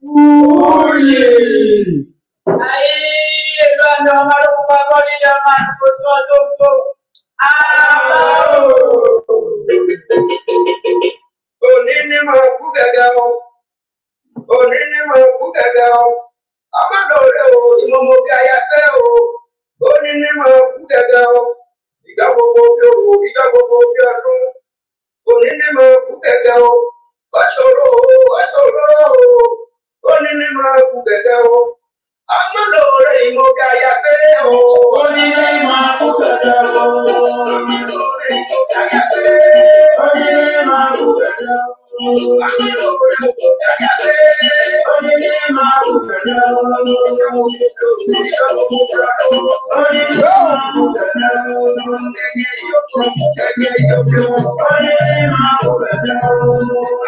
Uri. Aí, Luana, amaro com a bolinha, mas por sua doutor. Òní o. Òní ni màá o. Ọmọdé o, ìmọ̀mọ̀gá ya fẹ́ o. Òní ni màá o. Ìgbà gbogbo bí o wò, ìgbà gbogbo bí ọdún. Òní ni màá kú gẹ́gẹ́ o. Ọ̀ṣọ́rọ̀ o, ọ̀ṣọ́rọ̀ ó ní nínú ẹkù gẹ̀gẹ́ o amúlòrè ìmọ̀gá ya péré o. ó ní nínú ẹkù gẹ̀gẹ́ o. amúlòrè ìmọ̀gá ya péré. ó ní nínú ẹkù gẹ̀gẹ́ o. amúlòrè ìmọ̀gá ya péré. ó ní nínú ẹkù gẹ̀gẹ́ o. ó ní nínú ẹkù gẹ̀gẹ́ o. gẹ́gẹ́ yóò gẹ́gẹ́ yóò. o.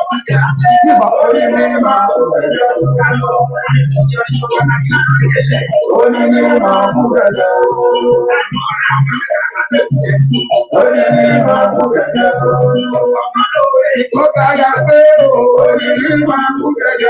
nípa orí mímọ́ òkèlè òkàlọ́ orí mímọ́ òkèlè orí mímọ́ òkèlè ó bá yà pé orí mímọ́ òkèlè.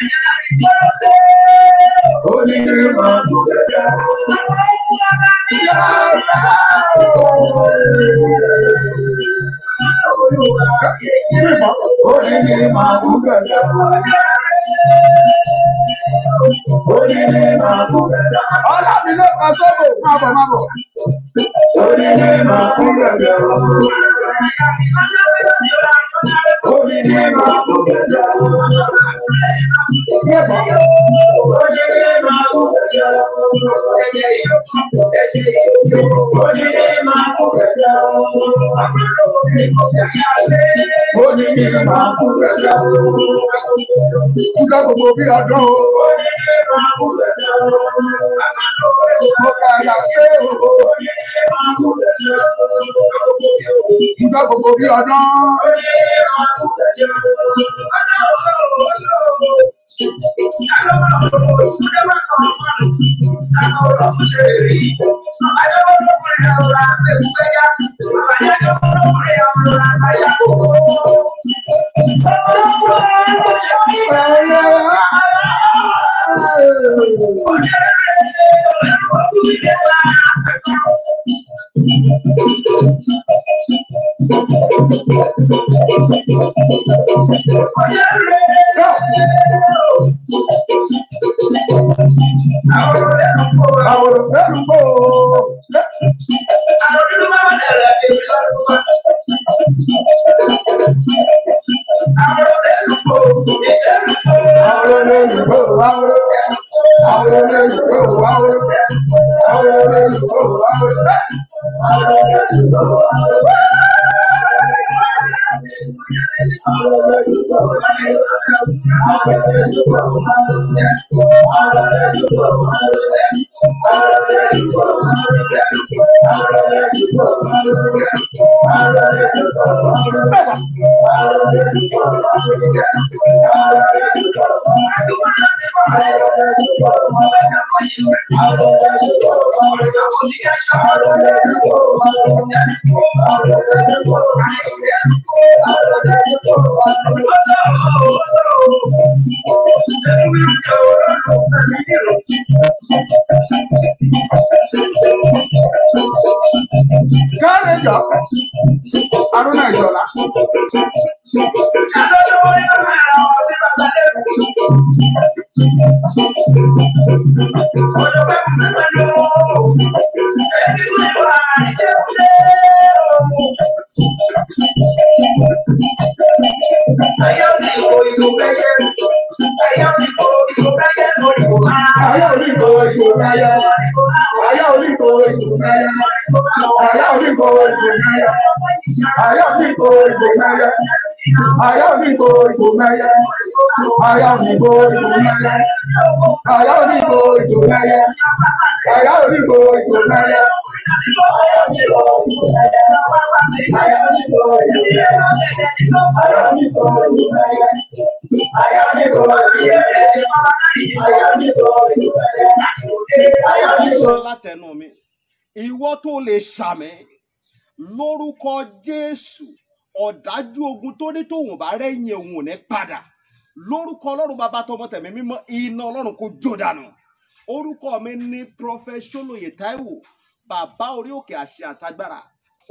Orílẹ̀ máa kú lẹ́gbẹ̀rún. Nígbà gbogbo bí ọdún o. Mo kàyà pé o. Nígbà gbogbo bí ọdún. Yeah. mẹ́yẹ. Aya òyìnbó ìjò mẹ́yẹ. Aya òyìnbó ìjò mẹ́yẹ. Aya òyìnbó ìjò mẹ́yẹ. Látẹnu mi, ìwọ tó lè ṣàmì lórúkọ Jésù ọ̀dájú ogun tó ní tòun bá rẹ́yìn òun ò ní padà lórúkọ ọlọ́run bàbá tọmọ tẹ̀mí mímọ́ iná ọlọ́run kò jó dànù orúkọ mi ní prọfẹsọlóye táíwò bàbá orí òkè àṣẹ àtagbára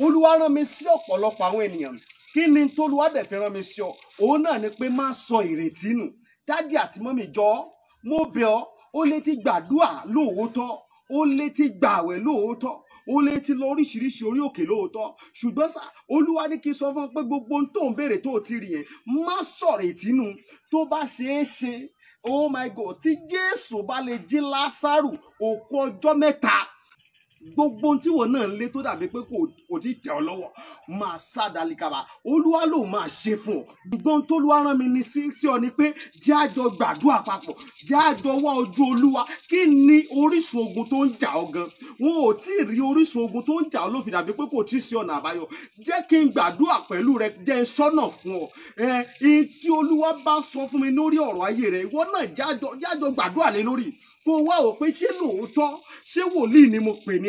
olúwa rán mi sí ọ̀pọ̀lọpọ̀ àwọn ènìyàn kí ni tolúwa dẹ̀ fi rán mi sí ọ òun náà ni pé má sọ ìrètí nù dádì àti mọ́mì jọ mo bẹ̀ ọ́ ó lè ti gbàdúà lóòótọ́ ó lè ti gbààwẹ̀ lóòótọ́ o lè ti lọ oríṣiríṣi orí òkè lóòótọ́ ṣùgbọ́n sá olúwa ní kí n sọ fún ọ pé gbogbo ohun tó ń béèrè tó ti rí yẹn má sọ̀rọ̀ ìtínú tó bá ṣeé ṣe oh my god tí jésù bá lè jí lásàrù òkú ọjọ́ mẹ́ta gbogbo tí wọn náà ń lé tó dàbí pé kò tí tẹ̀ ọ́ lọ́wọ́ máa sá dalikaba olúwa ló máa ṣe fún ọ ṣùgbọ́n tólúwa rán mi ní sí ọ ni pé jẹ́ àjọ gbàdúrà papọ̀ jẹ́ àjọ wá ojú olúwa kí ni orísun ogun tó ń jà ọ́ gan wọn ò tí ì rí orísun ogun tó ń jà ọ́ ló fi dàbí pé kò tí ì sí ọ̀nà àbáyọ jẹ́ kí n gbàdúrà pẹ̀lú rẹ jẹ́ n sọ́nà fún ọ ẹ ẹni tí olúwa bá sọ fún mi lórí ọ̀rọ̀ ayé rẹ ìwọ náà jájọ gbàdúrà lé lórí kó wá ò pé ṣé lóòótọ́ ṣé wòlíì ni mo pè ní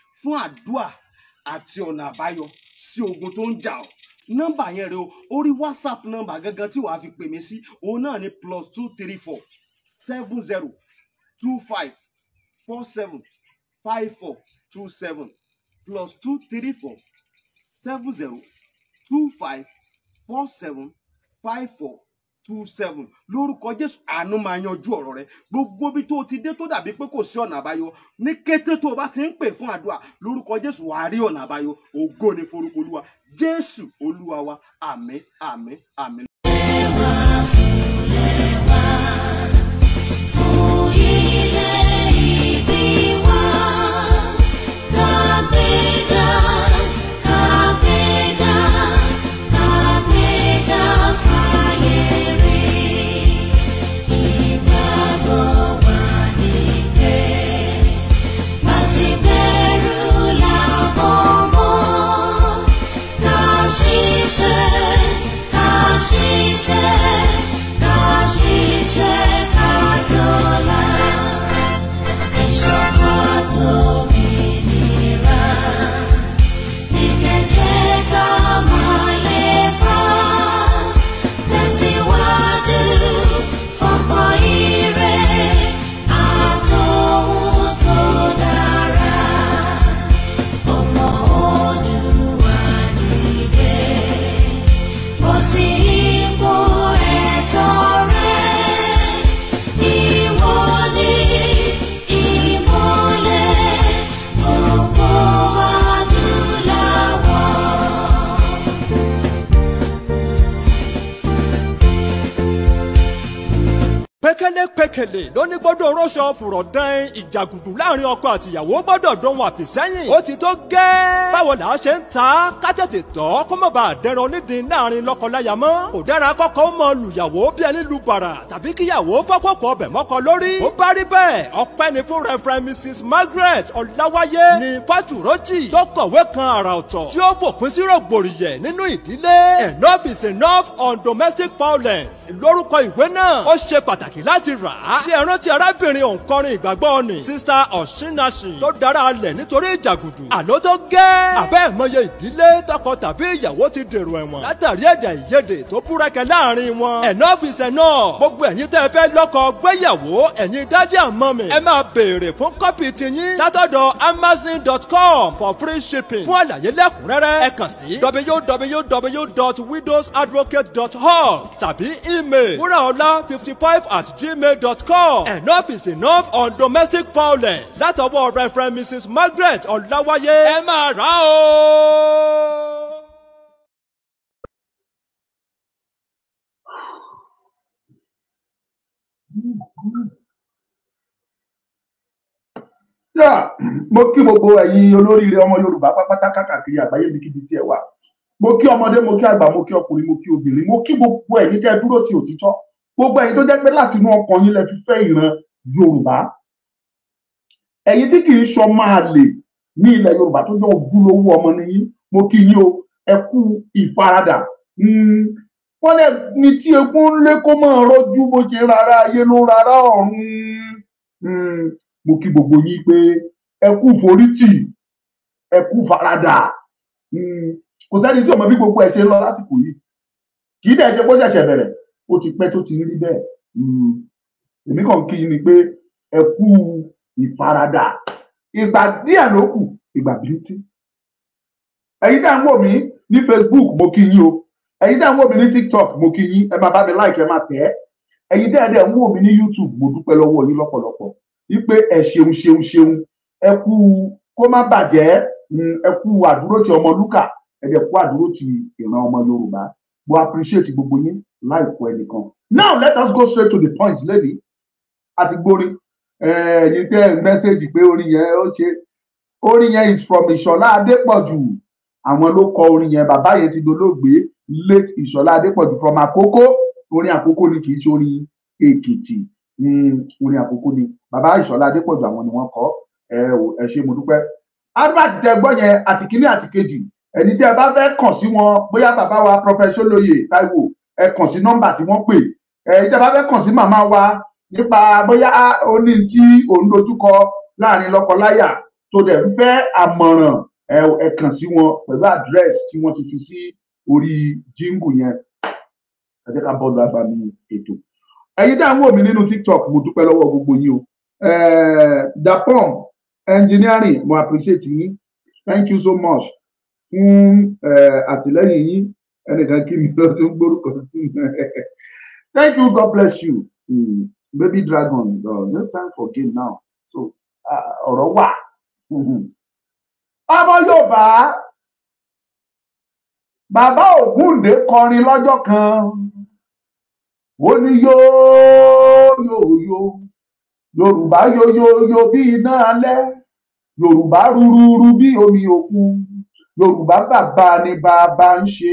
fún àdúà àti ọ̀nà àbáyọ sí ogun tó ń jà ọ́ nọ́mbà yẹn rẹ o orí whatsapp nọ́mbà gangan tí wàá fi pè mí sí òun náà ni plus two three four seven zero two five four seven five four two seven plus two three four seven zero two five four seven five four two seven lórúkọ jésù àánú máa yanjú ọ̀rọ̀ rẹ gbogbo bí tó ti dé tó dàbí pé kò sí ọ̀nà àbáyọ ní kété tó o bá ti ń pè fún àdúrà lórúkọ jésù wàá rí ọ̀nà àbáyọ ògo ni forúkọ olúwa jésù olúwa wa àmín àmín àmín. shine. adépekele ló ní gbọ́dọ̀ rọṣọ fùrọ̀ dán ìjàgùdù láàrin ọkọ àtìyàwó gbọ́dọ̀ dán wọn àfìsẹ́yìn ó ti tó gẹ́. báwo là á ṣe ń ta ká tètè tọ́ kó má bàa dẹran nídìí láàrin lọ́kọláya mọ́. kò dára kọ́kọ́ mọ lùyàwó bí ẹni lu bàrà tàbí kíyàwó fọ́kọ̀kọ̀ ọbẹ̀ mọ́kọ lórí. ó bá rí bẹ́ẹ̀ ọpẹ́ ti rà á. ṣé ẹ rántí arábìnrin òǹkọrin ìgbàgbọ́ ni. sista ọ̀ṣínnàṣì tó dára alẹ̀ nítorí ìjàgùdù. àló tó gẹ́. àbẹ́ ìmọye ìdílé tọkọ tàbí ìyàwó ti dèrò ẹ̀wọ̀n. látàrí ẹ̀dà ìyédè tó búrẹ́kẹ́ láàrin wọn. enough is enough. gbogbo ẹ̀yin tẹ́ ẹ fẹ́ lọ́kọ gbéyàwó ẹ̀yin dádì àmọ́ mi. ẹ máa béèrè fún kọ́pì tiyín látọ̀dọ̀ amazon.com for free shipping. fún àlàyé lẹ́kùnrẹ́rẹ́ ẹ kàn sí www.widowsadvocate.org tàbí email wúràọlá fifty five at gmail gmail.com enough is enough on domestic violence látọwọ́ reverend mrs margaret ọ̀làwáyé ẹ máa rà ó. mo kí gbogbo ẹ̀yin olóríire ọmọ yorùbá pápátá káàkiri àgbáyé ibikíbi tí ẹ wà mo kí ọmọdé mo kí àgbà mo kí ọkùnrin mo kí obìnrin mo kí gbogbo ẹ̀yin tẹ́ dúró ti òtítọ́ gbogbo ẹ̀yin tó jẹ́ pé láti inú ọkàn yín lẹ fi fẹ́ ìran yorùbá ẹ̀yin tí kì í sọ máa lè ní ilẹ̀ yorùbá tó jẹ́ ògúnlówó ọmọ nìyí mo kí yín o ẹ kú ìfaradà hmm, wọ́n lẹ ní tí egun lé kó máa rọ́jú bó ṣe rárá ayé ló rárá ọ̀run hmm, mo kí gbogbo yín pé ẹ kú forítì ẹ kú faradà hmm, kò sẹ́ni tí ọmọ bí gbogbo ẹ̀ ṣe lọ lásìkò yìí kì í dẹ̀ ṣe kó ṣẹ̀ṣẹ̀ bẹ̀rẹ̀ ó ti pẹ́ tó ti rí bẹ́ẹ̀ hmm. èmi kàn kí ni pé ẹ kú ìfaradà ìgbà díẹ̀ ló kù ìgbà bíntí ẹ̀yin dá ń wò mí ní Facebook mo kí yín o ẹ̀yin dá ń wò mí ní TikTok mo kí yín ẹ máa bá mi like ẹ máa tẹ̀ ẹ́ ẹ̀yin dẹ́ẹ̀dẹ́ ń wò mí ní YouTube mo dúpẹ́ lọ́wọ́ yín lọ́pọ̀lọpọ̀ wípé ẹ ṣeun ṣeun ṣeun ẹ kú kó má bàjẹ́ hmm, ẹ kú àdúró ti ọmọ lúkà ẹ dẹ̀ kú àdúró ti ìran ọmọ Yorùbá mo appreciate gbogbo yín láìpọ̀ ẹnìkan. now let us go straight to the point lẹ́ni àti gbórí eh, ẹ̀yin tẹ́ ẹ̀ mẹ́sẹ̀gì pé orin yẹn ó ṣe orin yẹn is from ìṣọ̀lá adépọ̀jù àwọn ló kọ orin yẹn bàbá yẹn ti dolóògbé late ìṣọ̀lá adépọ̀jù from àkókó orin àkókó ni kì í ṣe orin èkìtì orin àkókó ni bàbá ìṣọ̀lá adépọ̀jù àwọn ni wọ́n kọ ẹ ẹ ṣe mo dúpẹ́ advert tẹ gbọ́ yẹn àti kínní àti kejì ẹni tí ẹ bá fẹ́ kàn sí wọn bóyá bàbá wa professor lóye ẹ kàn sí nọ́mbà tí wọ́n pè ẹ ìjọba fẹ́ kàn sí màmá wa nípa bóyá ó ní tí òun dojúkọ láàrin lọ́kọláya tó dẹ̀ ń fẹ́ àmọ̀ràn ẹ kàn sí wọn pẹ̀lú àdírẹ́sì tí wọ́n ti fi sí orí jíǹgù yẹn ẹ jẹ́ ká bọ́ọ̀lù agbami ètò ẹ̀yin dá ń wò mí nínú tiktok mo dúpẹ́ lọ́wọ́ gbogbo yín o dapom engineering mo appreciate yín thank you so much fún àtìlẹ́yìn yín ẹnìkan kí mi lọ tó ń gbórúkọ thank you god bless you mm, baby dragon uh, no time for game now so what? Baba yoba, Baba bàbá ògúndé kọrin lọ́jọ́ kan ó yo yo, yorùbá yóyóyó bí iná alẹ́ yorùbá rúrúrú bí omi òkun yorùbá bàbá ni bàbá ń ṣe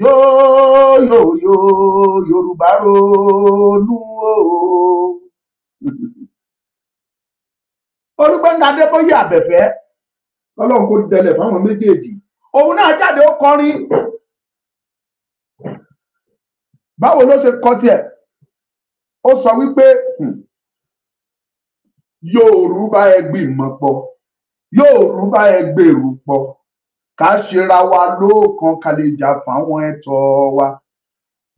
yóòyòyò yorùbá ronú o. olùgbẹ́ni adébóyè àbẹ̀fẹ́ ọlọ́run kò dẹlẹ̀ fáwọn méjèèjì òun náà jáde ó kọrin báwo ló ṣe kọ tiẹ̀ ó sọ wípé hmm, yorùbá ẹ gbìmọ̀ pọ̀ yorùbá ẹ gbèrú pọ̀ ká ṣera wa lóòkan ká lè jà fáwọn ẹ̀tọ́ wa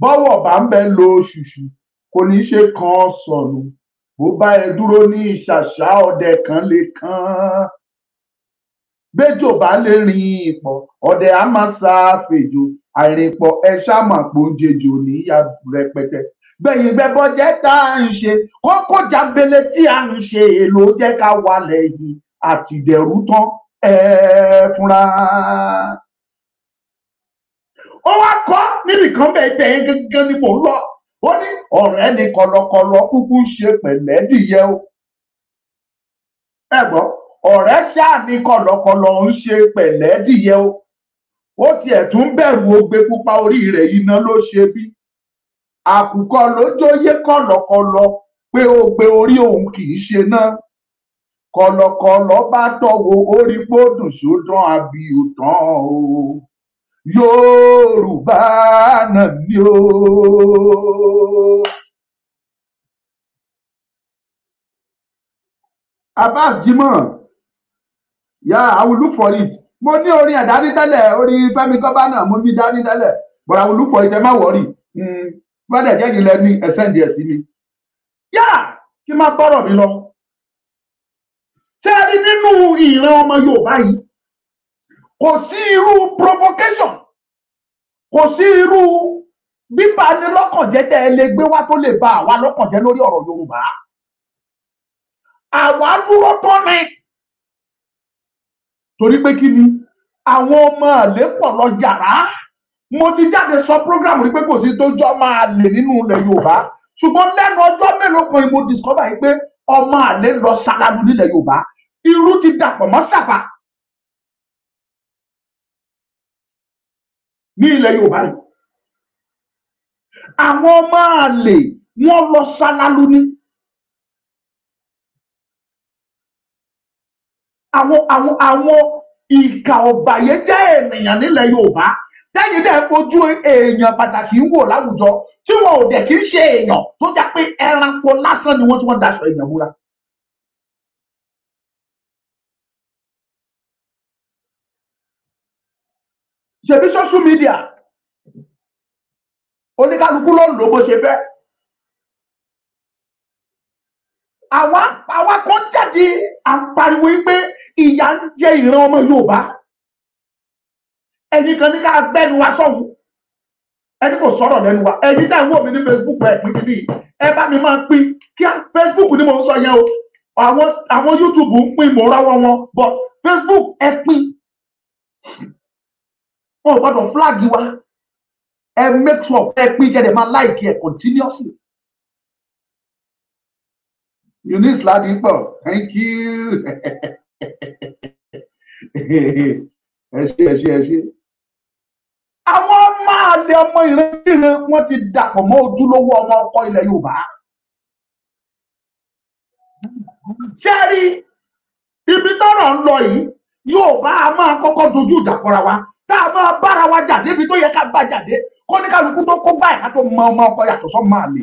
bọ́wọ̀ bá ń bẹ lo ṣùṣù kò ní í ṣe kan sọnù bó bá ẹ dúró ní ìṣàṣà ọdẹ kan lè kàn án béjò bá lè rìn ìpọ̀ ọdẹ á máa sa fèjò àìrìnpọ̀ ẹ ṣáàmà pòǹjẹjò níyà rẹpẹtẹ gbẹ̀yìn gbẹbọjẹ tá à ń ṣe kókó jábele tí à ń ṣe èlò jẹ́ ká wà lẹ́yìn àtìdẹ̀rú tán ẹ fúnra. ó wá kọ́ níbìkan bẹ́ẹ̀ bẹ́ẹ̀ gángan ni mò ń lọ ó ní ọ̀rẹ́ ni kọlọkọlọ kúkú ń ṣe pẹ̀lẹ́ dìyẹ o ẹ gbọ́ ọ̀rẹ́ ṣáà ni kọlọkọlọ ń ṣe pẹ̀lẹ́ dìyẹ o ó tiẹ̀ tún bẹ̀rù ogbe pupa orí rẹ̀ iná ló ṣe bí àkùkọ lójóyé kọlọkọlọ pé ogbe orí òun kì í ṣe náà kọ̀lọ̀kọ̀lọ̀ bá tọwọ orí gbódùn sódán abiòtán o yorùbá náà ni o. abbas jimoh yeah i will look for it mo ní orin ẹ̀dání tẹ́lẹ̀ orin fẹ́mi gọ́bánà mo ní dání tẹ́lẹ̀ but i will look for it ẹ má wọ̀rì gbọ́dọ̀ hmm, jẹ́ yìí lẹ́ni ẹ̀sẹ̀ ń di ẹ̀sìn mi yá kí n má tọrọ mi lọ ṣe rí nínú ìran ọmọ Yorùbá yìí kò sí irú provocation kò sí irú bíbá ni lọ́kànjẹ́ tẹ́ ẹ lè gbé wá tó lè ba àwa lọ́kànjẹ́ lórí ọ̀rọ̀ Yorùbá àwa dúró tán ni torí pé kí ni àwọn ọmọ àlè pọ̀ lọ yàrá mo ti jáde sọ program rí pé kò sí tó jọ máa lè nínú ilẹ̀ Yorùbá ṣùgbọ́n lẹ́nu ọjọ́ mélòó kan mo discover yìí pé ọmọ àlè lọ ṣáláàdù nílẹ̀ Yorùbá irú ti dàpọ̀ mọ́ sàpà ní ilẹ̀ Yorùbá yìí àwọn ọmọ àlè wọ́n lọ ṣalalu ní àwọn àwọn àwọn ìkà ọ̀bàyéjẹ́ ènìyàn nílẹ̀ Yorùbá lẹ́yìn náà ojú èèyàn pàtàkì ń wò láwùjọ tí wọn ò dẹ̀ kí ń ṣe èèyàn tó jà pé ẹranko lásán ni wọ́n ti wọ́n daṣọ èèyàn múra. ṣèbí social media oníkálukú ló ń lò bó ṣe fẹ́ àwa àwa kan jáde à ń pariwo pé ìyà ń jẹ ìran ọmọ Yorùbá ẹnìkan ní ká gbẹnu wa sọhùn ẹni kò sọ̀rọ̀ lẹ́nu wa ẹni dá ìwọ mi ní Facebook ẹ pín níbí ẹ bá mi máa pín kí Facebook ni mo ń sọ yẹn o àwọn àwọn YouTube ń pín mò ń wọn but Facebook ẹ pín Oh, ò gbọdọ̀ flag you are! And make sure ẹ pín jẹ́ ẹ máa continuously. You need Eunice Ladipo thank you Yes, yes, ẹ ṣe ẹ ṣe. àwọn my little ọmọ ìrẹ́lẹ́rẹ́ wọn ti dàpọ̀ mọ́ ojúlówó ọmọ ọkọ ilẹ̀ Yorùbá. sẹ́ẹ̀rì ibi tọ́rọ̀ ń lọ yìí yóò bá a to kọ́kọ́ dojú ìjà kọra wa tá a máa bára wa jà débi tó yẹ ká bá jáde kó ní kálukú tó kó báyìí ká tó mọ ọmọ ọkọ yàtọ̀ sọ máa lè.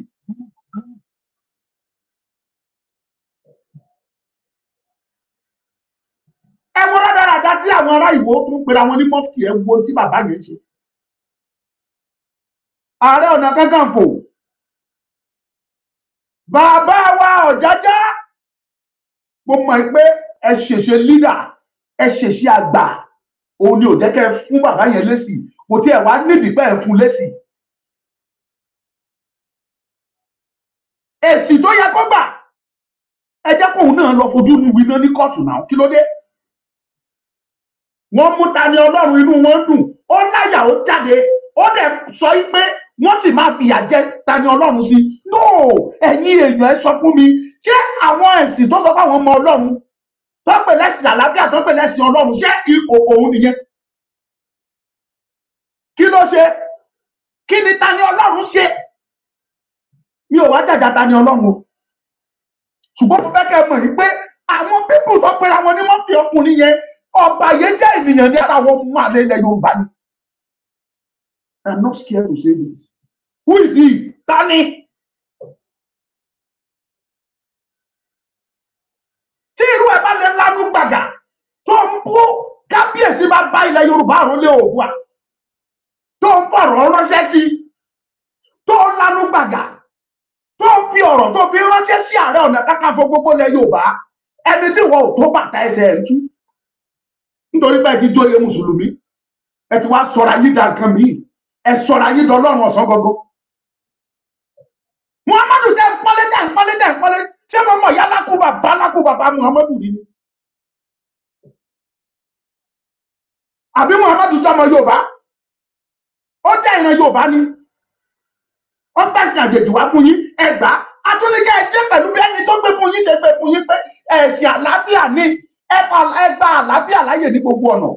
ẹ wo rádaràda tí àwọn ará Ìwó tún pera wọn ní mọ́fìtì ẹ wo tí bàbá yẹn ṣe. Ààrẹ Ọ̀nà Kakanfò bàbá wa Ọ̀jájá mo mọ̀ pé ẹ ṣèṣe lídà ẹ ṣèṣe àgbà òun ni ò jẹ́ kẹ́ fún bàbá yẹn lésì kò tí ẹ̀ wá nídìí pé ẹ̀ fún lésì. èsì tó yẹ kó gbà ẹ jẹ́ kóun náà lọ fojú níwì náà ní kóòtù náà kí ló dé. wọ́n mú ta ni ọlọ́run inú wọn dùn ó láyà ó jáde ó dẹ̀ sọ pé wọ́n sì máa fìyà jẹ ta ni ọlọ́run sí. no ẹ̀yin èèyàn ẹ sọ fún mi ṣé àwọn ẹ̀sìn tó sọ fáwọn ọmọ ọlọ́run tó pè lẹ́sìn àlàáfíà tó pè lẹ́sìn ọlọ́run ṣé òun nìyẹn kí ló ṣe kí ni ta ni ọlọ́run ṣe mi ò wá jàjà ta ni ọlọ́run ṣùgbọ́n mo fẹ́ kẹ́ ẹ mọ̀ yìí pé àwọn pípù tó pera wọn ni wọ́n fi ọkùnrin yẹn ọba yẹn jẹ́ ènìyàn ní ara wọn mú àlẹ́ ilẹ̀ yorùbá ni I'm not scared to say this who is he ta ni. tí irú ẹ lẹ lánú gbàgà tó ń bú kábíyèsí bá bá ilẹ̀ yorùbá àrólé òògùn à tó ń fọ̀rọ̀ ránṣẹ́ sí tó ń lánú gbàgà tó ń fi ọ̀rọ̀ tó fi ránṣẹ́ sí ààrẹ ọ̀nà kákàfọ́ gbogbo ilẹ̀ yorùbá ẹni tí wọn ò tó bàtà ẹsẹ̀ ẹ̀ ń tú nítorí bẹ́ẹ̀ ti jóye mùsùlùmí ẹ ti wá sọ̀rọ̀ ayé da nǹkan míì ẹ sọ̀rọ̀ ayé da ọlọ́run ọ̀sán gbogbo muhammadu tẹ ń pọ́lé tẹ ń pọ́lé tẹ ń pọ́lé ṣé mo mọ̀ yálà kú bàbá lákú bàbá muhammadu ni àbí muhammadu jọmọ yorùbá ó jẹ́ ìran yorùbá ni ó bá ẹ̀sìn àjèjì wá fún yín ẹgbàá atúnikẹ́ ẹṣẹ́ pẹ̀lú bí ẹni tó gbé fún yín ṣe gbé fún yín pé ẹ̀sìn àlàáfíà ni ẹgbà àlàáfíà láyè ní gbogbo ọ̀nà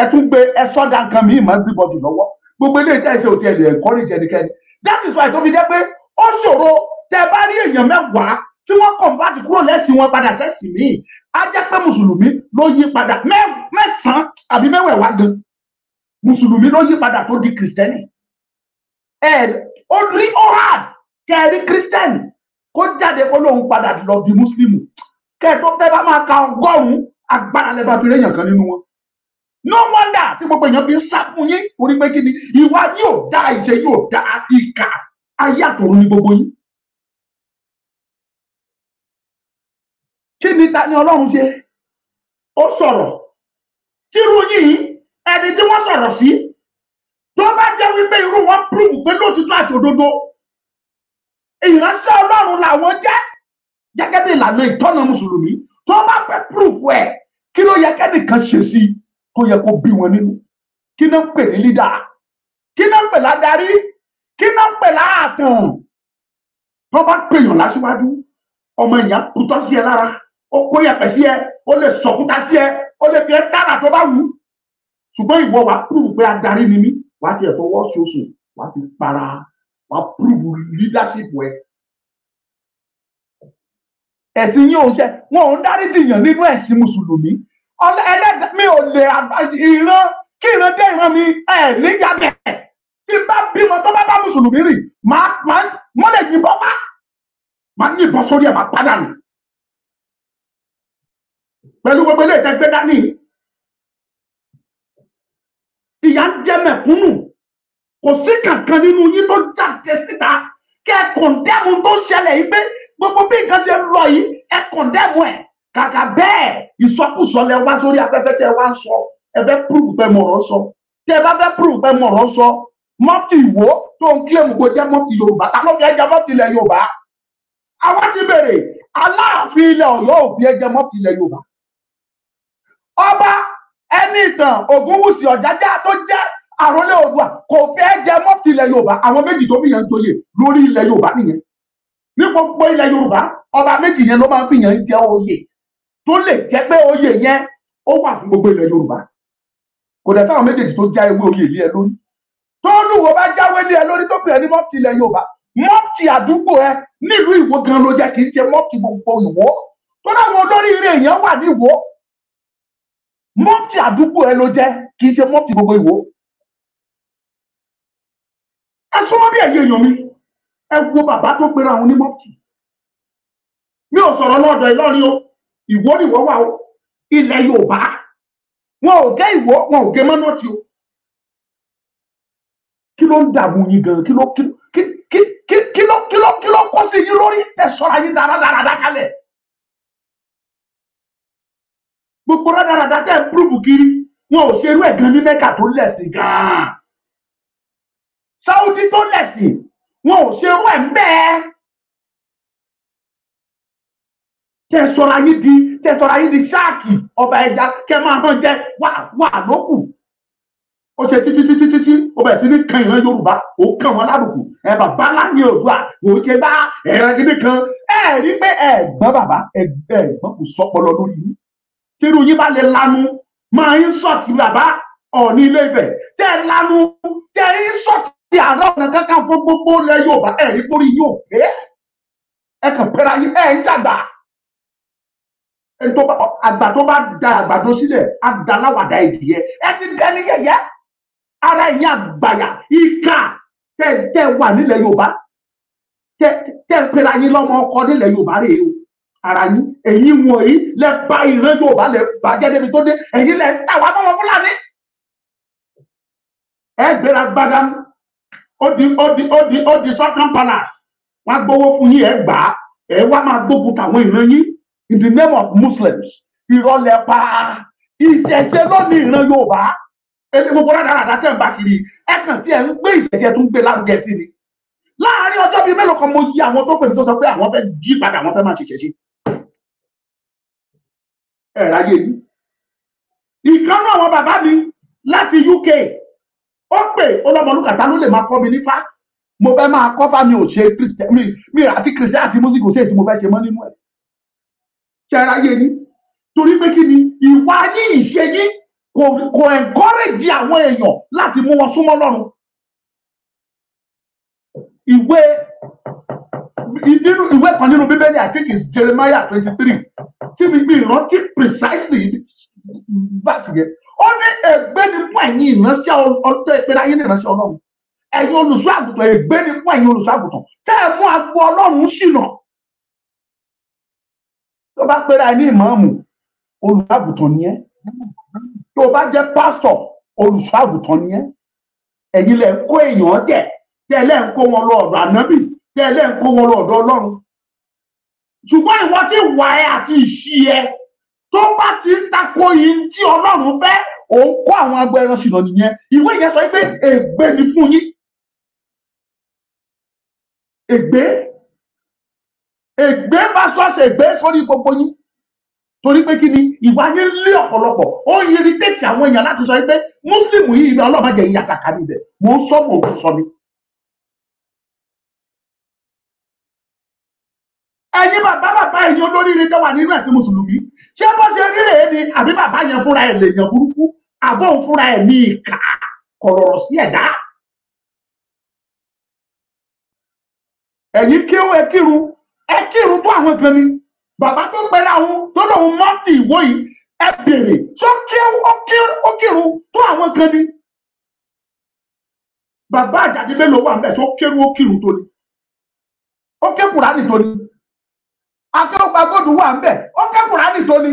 ẹ tún gbé ẹsọ́dà nǹkan mìíràn máa ń gbé lọ́wọ́ gbogbo ilé ìtẹ́ ìṣe òtí ẹ̀lẹ́ ẹ̀kọ́rìjẹ nìkẹ́ni that is why tó fi jẹ́ pé ó ṣòro tẹ bá rí èèyàn mẹ́wàá tí wọ́n convert kúrò lẹ́sìn wọn padà sẹ́sìn míì á jẹ́ pé mùsùlùmí ló yí padà mẹ́sàn-án àbí mẹ́wẹ̀ẹ̀wá gan mùsùlùmí ló yí padà tó di kìrìsìtẹ́nì ẹ̀ ó rí ó hard kẹ́ẹ̀rí kìrìsìtẹ́nì kó jáde kó lóun padà lọ di mùsùlùmí kẹ́ẹ̀tọ́ fẹ́ bá máa ka ọgọ́rùn-ún agbára lẹ́bàá fi réyàn kan nínú wọn no wonder tí gbogbo èèyàn fi ń sá fún yín orí pé kí ni ìwà yóò dá ìṣe yóò dá ìkà ayé àtòrò ní gbogbo yín kí ni ta ni ọlọ́run ṣe ó sọ̀rọ̀ tírú yìí ẹni tí wọ́n sọ̀rọ̀ sí tó bá jẹ́ wípé irú wọn prove pé lóòtítọ́ àti òdodo ìránṣẹ́ ọlọ́run làwọn jẹ́ gẹ́gẹ́ bí ìlànà ìtọ́nà mùsùlùmí tó bá fẹ́ prove ẹ̀ kí ló yẹ kẹ́nìkan ṣe sí tó yẹ kó bí wọn nínú kí náà ń pè ní lídà kí náà ń pè ládarí kí náà ń pè láàtàn tó bá pèèyàn láṣíwájú ọmọ ìyá kútọ́ sí ẹ lára kó yẹpẹ sí ẹ ó lè sọkúta sí ẹ ó lè fi ẹ tààrà tó bá wù ú ṣùgbọ́n ìwọ wàá púrùfù pé adarí ni mí wàá tiẹ̀ fọwọ́ ṣoṣù wàá fi para wàá púrùfù leadership ẹ ẹ̀sìn yín ò ń ṣe wọn ò ń dárí jìyàn nínú ẹ̀sìn mùsùlùmí ẹlẹ́dàá mi ò lè ìran kí ìran dé ìran mi ẹ̀ níyàbẹ̀ tí bá bímọ tó bá bá mùsùlùmí rìn máa máa wọ́n lè yìnbọn pa máa yìnbọn sórí ẹ̀ máa padà pẹ̀lú gbogbo ilé ìtẹ́gbẹ́ dání ìyá ń jẹ mẹ̀kúnnù kò sí kankan nínú yín tó jáde síta kẹ́ ẹ kọ̀ndẹ́mù tó ń ṣẹlẹ̀ yìí pé gbogbo bí nǹkan ṣe lọ yìí ẹ kọ̀ndẹ́mù ẹ̀ kàkà bẹ́ẹ̀ ìsọkúsọ lẹ wá sórí afẹ́fẹ́ tẹ wá ń sọ ẹ fẹ́ prove pé mọ̀rọ̀ sọ tẹ bá fẹ́ prove pé mọ̀rọ̀ sọ mọ́fì ìwó tó ń kílẹ̀mù kó jẹ́ mọ́fì yorùbá táwọn fi ẹja mọ́fì ilẹ̀ yorùbá àwọn ti bèrè aláàfin ilẹ̀ ọ̀yọ́ òfin ẹja mọ́fì ilẹ̀ yorùbá ọba ẹni ìtàn ògúnwùsì ọ̀jájá tó jẹ́ àrólé oòdùà kò fẹ́ jẹ mọ́tì ilẹ̀ yorùbá àwọn méjì tó fìyàn joyè lórí ilẹ̀ yorùbá nìyẹn ní gbogbo ilẹ̀ yorùbá ọba méjì yẹn ló máa ń fìyàn jẹ oyè tó lè jẹ́ pé oyè yẹn ó wà fún gbogbo ilẹ̀ yorùbá kò dẹ̀ sáwọn méjèèjì tó já ewé oyè ilé ẹ lórí tó lùwọ́ bá jáwé ilé ẹ lórí tó pè é ní mọ́tì ilẹ̀ yorùbá mọ́tì àdúgbò ẹ nílùú ìwó gan ló jẹ́ kì í ṣe mọ́tì gbogbo ìwó tó mọ́tì àdúgbò ẹ ló jẹ́ kì í ṣe mọ́tì gbogbo ìwò ẹ súnmọ́ bí ẹ̀yẹ èèyàn mi ẹ wo bàbá tó gbéra àwọn onímọ́tì mi ò sọ̀rọ̀ lọ́dọ̀ Ìlọrin o ìwọ ni ìwọ wà o ilẹ̀ Yorùbá wọn ò gé ìwọ wọn ò gé mọ́nọ́tì o kí ló ń dààmú yín gan kí ló kí ló kí ló kó sí yín lórí ẹ sọ̀rọ̀ dáradára dákalẹ̀. gbogbo rádaràdà tẹ̀ ń púrùbù kiri wọn ò ṣerú ẹ̀ gan ní mẹ́kà tó lẹ̀sìn gan-an sáúdí tó lẹ̀sìn wọn ò ṣerú ẹ̀ ń bẹ́ẹ̀. tẹ sọra yìí di tẹ sọra yìí di ṣáàkì ọba ẹja kẹ máa hàn jẹ wà wà lókù ó ṣe títí títí títí ó bẹ̀rẹ̀ sí ní kan ìran yorùbá ó kàn wọn lábùkù ẹ bàbá láàyè òdua kò ṣe bá ẹran gidi kan ẹ rí pé ẹ gbọ́n bàbá ẹ gbọ́n kò sọpọlọ lórí yìí tírú yín bá lè lanu máa ń sọ̀tì bàbá ọ̀ní ilé ibẹ̀ tẹ́ ẹ lanu tẹ́ ẹ ń sọ̀tì àárọ̀ ọ̀nà kankan fún gbogbo ilẹ̀ yorùbá ẹ̀ rí borí yóò pé ẹ kàn pẹ́ra yín ẹ̀ ń jàgbà àgbà tó bá da àgbàdo sílẹ̀ àdàláwàdà ìdìyẹ ẹ ti dẹni yẹyẹ ara ìyẹn àgbàyà ìka tẹ tẹ wà nílẹ̀ yorùbá tẹ tẹ pẹ́ra yín lọ́mọ ọkọ nílẹ̀ yorùbá rèé o ara yín ẹ̀yin wọ̀nyí lẹ bá ìran yorùbá lẹ bàjẹ́ débi tó dé ẹ̀yin lẹ tà wá bọ́wọ́ fúlàní. ẹ gbéra gbádàm ó di ó di ó di ó di sọ́kàn palace wọn gbowó fún yín ẹ gbà á ẹ wá máa gbógun tàwọn ìran yín in the name of muslims ìrọ̀lẹ́ pa ìṣẹ̀ṣe lónìí ìran yorùbá ẹni gbogbo rádaràdà tẹ̀ ń bá kiri ẹ kàn tí ẹ ń gbé ìṣẹ̀ṣe tó ń gbé lárugẹ sí ni láàárín ọjọ́ bíi mélòó kan mo yí àwọn tó pè mí tó sọ pé àwọn fẹ́ jí padà àwọn fẹ́ máa ṣiṣẹ́ sí i ẹ̀rọ ayé yìí ìkànnì àwọn bàbá mi láti UK ó pè ọlọ́mọlúkàtà ló lè máa kọ́ mi nífà mo fẹ́ máa kọ́ fámi ò ṣe mi mi àti kìrìsìtẹ́ àti mùsíkì ò ṣe ètí mo fẹ́ ṣe mọ́ nínú ẹ̀ ṣẹ̀rọ ayé yìí torí pé kí ni ìwà yín ìṣe yín kò kò encourage àwọn èèyàn láti mú wọn súnmọ́ lọ́run ìwé nínú ìwé kan nínú bíbélì I think it's Jeremiah twenty three tí mi mi rántí precisely verse yẹn ó ní ègbé ni fún ẹ̀yin ìránṣẹ́ ọtọ́ ìpínlẹ̀ ayé ní ìránṣẹ́ ọlọ́run ẹ̀yin olùṣọ́ àgùntàn ègbé ni fún ẹ̀yin olùṣọ́ àgùntàn tẹ́ ẹ mú agbo ọlọ́run ṣìnà tó bá pẹ́ra ẹ ní ìmáàmù olùṣọ́ àgùntàn ni ẹ́ tó bá jẹ́ pásítọ̀ olùṣọ́ àgùntàn ni ẹ́ ẹ̀yin lẹ ń kó èèyàn jẹ tẹ́ ẹ lẹ́ ń kó wọn lọ ọ̀dọ̀ ànábì tẹ́ ẹ lẹ́ ń kó wọn lọ ọ̀dọ̀ ọlọ́run ṣùgbọ́n ìwọ tí wà ẹ àti ìṣí ẹ tó bá ti ń tako yìí tí ọlọ́run fẹ́ òun kọ́ àwọn agbo ẹran ṣìnà nìyẹn ìwé yẹn sọ pé ègbé ni fún yín ègbé ègbé bá sọ́ọ̀sì ègbé sórí gbogbo yín torí pé kí ni ìwà yín lé ọ̀pọ̀lọpọ̀ ó ń irritate àwọn èèyàn láti sọ pé muslim yìí ọlọ́run jẹ́ ìyá sàkárì rẹ̀ mò ń sọ mò ń sọ mi. ẹ̀yin bàbá bàbá ẹ̀yin olóríire tó wà nínú ẹ̀sìn mùsùlùmí ṣé bó ṣe rírè ni àbí bàbá yẹn fúnra ẹ̀ lèèyàn burúkú àbọ̀ òun fúnra ẹ̀ ní ìkà kọ̀rọ̀rọ̀ sí ẹ̀dá. ẹ̀yin kí ó ẹkírun ẹkírun tó àwọn kan ni bàbá tó pẹ̀lú àwọn tó lòun mọ́tì ìwó yìí ẹ bèrè tó kí ó kírun tó àwọn kan ni bàbá àjàdí mélòó wà mẹ́ tó kírun ó kírun tó ni ó ké kùránì ni akéwòpá góòdù wà ń bẹ̀ ó kẹ́kùrá nìtó ni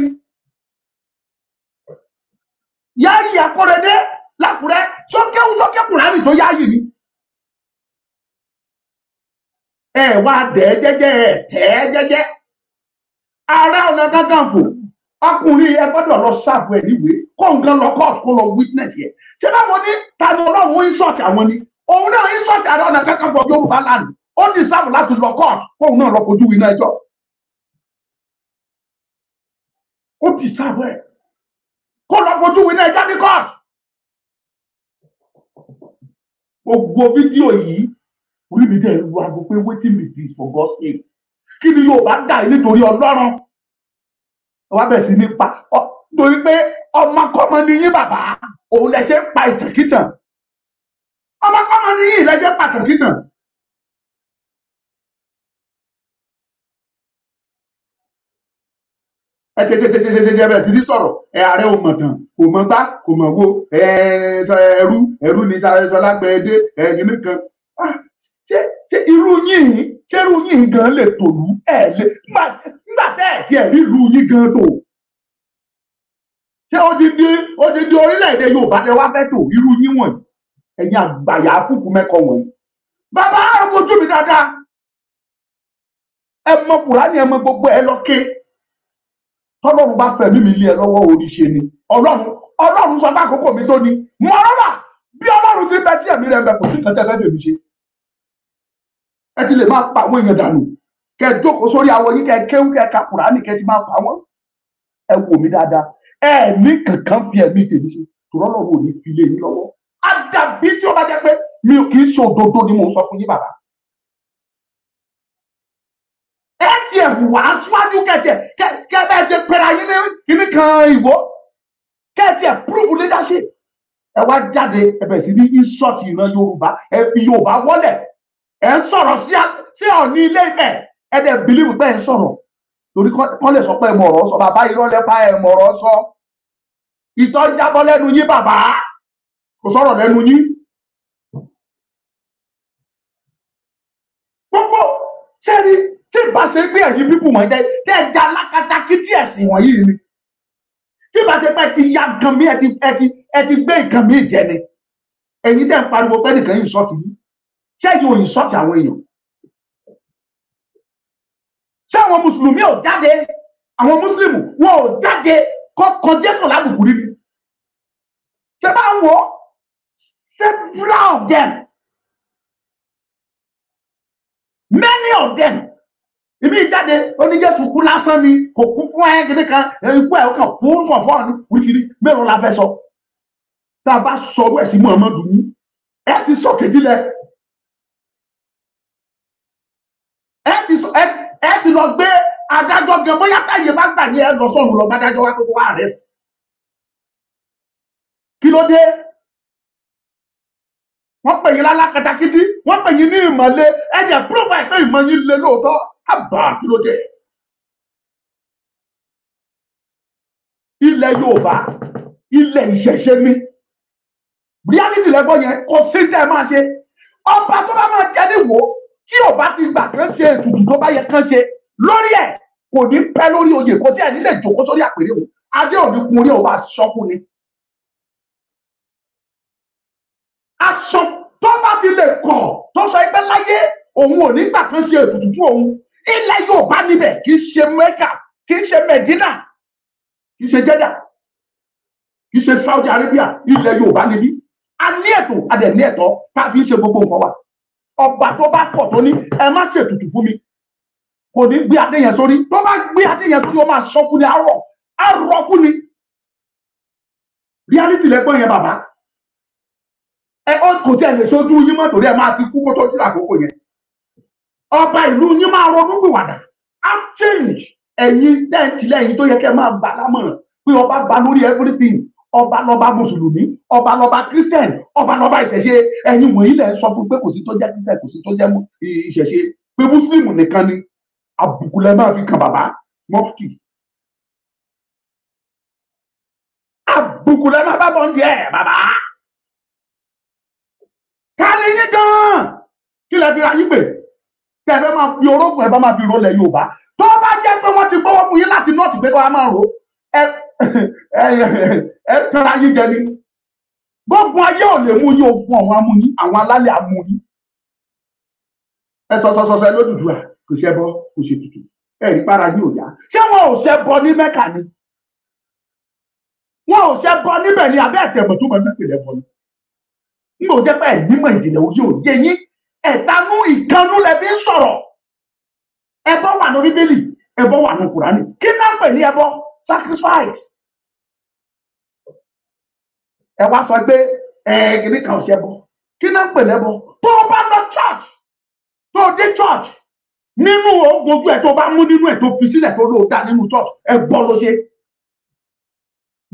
yáàyì àkọrẹdé làkúrẹ́ sókèwù sókèkùrá nìtó yáàyì ni ẹ wá dẹ̀ jẹ́jẹ́ ẹ tẹ̀ jẹ́jẹ́ Ààrẹ Ọ̀nà Kakanfò ọkùnrin ẹ gbọ́dọ̀ lọ ṣàbù ẹ̀ níwèé kó nǹkan lọ court kó lọ witness yẹ ṣé báwọn ní tani ọlọ́run insult àwọn ni òun náà insult Ààrẹ Ọ̀nà Kakanfò Yorùbá land ó dìsáàbù láti lọ court kóun náà lọ fojú winá ẹjọ́. ó ti sáàbù ẹ̀ kó lọ fojú winá ẹja ní court gbogbo fídíò yìí orí mi dẹ̀ lu aago pé wetin be this for God's sake kí ni yóò bá dà yìí nítorí ọlọ́run wàá bẹ̀ sí ní pa torí pé ọmọkọ́mọ ni yín bàbá òun lẹ ṣe ń pa ìtàkìtàn ọmọkọ́mọ ni yín lẹ ṣe ń pa ìtàkìtàn. ẹ ṣe ṣe ṣe ṣe ṣe ṣe bẹ̀rẹ̀ sí ní sọ̀rọ̀ ẹ ààrẹ ò mọ̀ tàn kò mọ̀ gbá kò mọ̀ wo ẹ ẹrú ẹrú ni sọlá pẹ́ dé ẹ nínú kan ah, ṣé ṣé irú yín ṣé irú yín gan lè tòlú ẹ lè nígbà tẹ́ ẹ̀ tiẹ̀ rí irú yín gan tò ṣé odidi odidi orílẹ̀-èdè Yorùbá tẹ wá fẹ́ tò irú yín wọ̀nyí ẹ̀yin àgbàyà kúkú mẹ́kọ wọ̀nyí bàbá ẹ wojú mi dáadáa ẹ mọ Kùránì ẹ mọ gbogbo ẹ lọ ké tọ́lọ́run bá fẹ̀mí mi lé ẹ lọ́wọ́ oríṣi ni ọlọ́run ọlọ́run sọ bá àkókò mi tó ni mọ rárá bí ọlọ́run ti bẹ tí ẹ̀mí rẹ bẹ kò sí nǹkan tẹ́ fẹ́ bèbí ṣe ẹ ti lè máa pa àwọn èèyàn dànù kẹ jókòó sórí awọ yín kẹ kéwú kẹ ka kùránì kẹ ti máa pa wọn ẹ wò mí dáadáa ẹ ní kankan fi ẹ̀mí tèmi ṣe tòrọ́lọ́run ò ní fi lé yín lọ́wọ́ àdàbí tí ó bá jẹ́ pé mi ò kì í ṣe òdodo ni mò sọ fún yín bàbá ẹ̀wù wá síwájú kẹ̀tẹ̀ kẹ́bẹ́ ṣe pẹ̀lú ayé ní kíní kan ìwó kẹ́tẹ̀ prove leadership ẹ wá jáde ẹ bẹ̀rẹ̀ sí ní insult ìran Yorùbá ẹ fi Yorùbá wọlẹ̀ ẹ ń sọ̀rọ̀ sí Ọọ̀ni ilé Ifẹ̀ ẹ dẹ̀ believe pé ẹ ń sọ̀rọ̀ torí kọ́ lè sọ pé ẹ mọ̀ ọ̀rọ̀ sọ bàbá irọ́ lẹ́pa ẹ mọ̀ ọ̀rọ̀ sọ ìtọ́ jábọ́ lẹ́nu yín bàbá kò sọ̀rọ̀ lẹ́nu yín gbogbo sẹ́ni tí ìbá ṣe pé ẹ̀yin pípù mọ̀ jẹ́ tẹ́ ẹ ja alákatakí tí ẹ̀sìn wọ̀nyí ni tí ìbá ṣe pé ẹ ti ya nǹkan mi ẹ ti ẹ ti ẹ ti gbé nǹkan mi jẹ ni ẹ̀yin dẹ̀ ń pariwo pé nìkan yìí sọ́ọ̀tì yìí ṣé ẹ̀yin ò yìí sọ́ọ̀tì àwọn èèyàn ṣé àwọn mùsùlùmí ò jáde àwọn mùsùlùmí wọn ò jáde kọ́kọ́ jésù lábùkù rí ṣé bá ń wọ several of them many of them ìmí ìjáde oníjẹ́sùn kú lásán ni kò kún fún ẹ gidi kan ikú ẹ kàn kú fọ̀fọ̀ ní oríṣiríṣi mélòó la fẹ́ sọ tá a bá sọ ọwọ́ ẹ̀ sí muhammadu ní ẹ ti sọ kejì lẹ ẹ ti sọ ẹ ti lọ gbé adájọ́ gẹ bóyá táyé bá gbà ní ẹ lọ sọ̀rùn lọ bádájọ́ wá kókó wá rẹ sí kí ló dé wọ́n pè yín lálákatakítí wọ́n pè yín ní ìmọ̀le ẹ̀ dẹ̀ púrúfà ẹ̀ pé ìmọ̀ yín le lóòótọ́ àbá kí ló dé ilẹ̀ Yorùbá ilẹ̀ ìṣẹ̀ṣe mi reality lẹ́gbọ́n yẹn kò sí tẹ́ ẹ máa ṣe ọba tó bá máa jẹ́ níwò tí ò bá ti gbà kán ṣe ètùtù tó bá yẹ kán ṣe lórí ẹ̀ kò ní pẹ́ lórí oyè kò tí ẹ̀ nílẹ̀ jòkó sórí àpèrè o adé òbí kun orí ọba sọ́kù ni. aṣọ tó bá ti lè kàn tó sọ ẹgbẹ́ láyé òun ò ní gbà kán ṣe ètùtù fún òun ilẹ̀ Yorùbá níbẹ̀ kì í ṣe Mẹ́kà kì í ṣe Mẹ̀dínà kì í ṣe Jẹ́dà kì í ṣe Saudi Arabia ilẹ̀ Yorùbá níbí a ní ẹ̀tọ́ a dẹ̀ ní ẹ̀tọ́ tá a fi ń ṣe gbogbo nǹkan wa ọba tó bá pọ̀ tó ní ẹ má ṣètùtù fún mi kò ní gbé adé yẹn sórí tó bá gbé adé yẹn sórí ó máa sọkú ni arọ arọkú ni reality lẹgbọn yẹn bàbá ẹ ọ kò tí ẹ lè sojú yín mọ torí ẹ máa ti kú kó tó ti àkókò yẹn ọba ìlú yín máa ronú gbìwàdà á change ẹ̀yin dẹ́ntìlẹ́yìn tó yẹ kẹ́ máa gbà lámọ̀ràn pé ọba gba lórí everything ọba lọba mùsùlùmí ọba lọba christian ọba lọba ìṣẹ̀ṣe ẹ̀yin wọ̀nyí lẹ sọ fún pé kò sí tó jẹ́ christian kò sí tó jẹ́ ìṣẹ̀ṣe pé muslim nìkan ni àbùkù lẹ máa fi kan bàbá mọ́fùtì àbùkù lẹ máa bá bọ́ ń jẹ bàbá ká lè yín gan-an kí lẹ fi ra yín kẹfẹ máa fi orógùn ẹ máa fi rolẹ yorùbá tó bá jẹ pé wọn ti gbọ́wọ́ fún yín láti nọọtì pé ká máa rò ẹ tẹra yín jẹ gbogbo ayé ò lè mú yín ogun àwọn amúyín àwọn alálẹ̀ amúyín ẹ sọsọsọsọ ẹ lódùdú à kò ṣe bọ kò ṣe tutù ẹ rí para yín ò yá ṣé wọn ò ṣe bọ ní mẹ́kà ni wọn ò ṣe bọ níbẹ̀ ni abẹ́ àti ẹ̀mọ̀ tó mọ̀ ẹ́ mẹ́kà lẹ́bọ̀ ni n ò jẹ́ pé ẹ̀ nímọ̀ ìjìnlẹ̀ òye ò yín ẹ̀tanú ìkanú lẹ fi ń sọ̀rọ̀ ẹbọ wà ní bíbélì ẹbọ wà ní kùránì kí náà pè ní sacrifice ẹ wá sọ pé ẹ kìíní kan ò ṣe bọ kí náà pè lẹbọ tó o bá lọ church tó o dé church nínú gbogbo ẹ tó o bá mú nínú ẹ tó fi sílẹ̀ tó lóò dá nínú church ẹ gbọ́ ló ṣe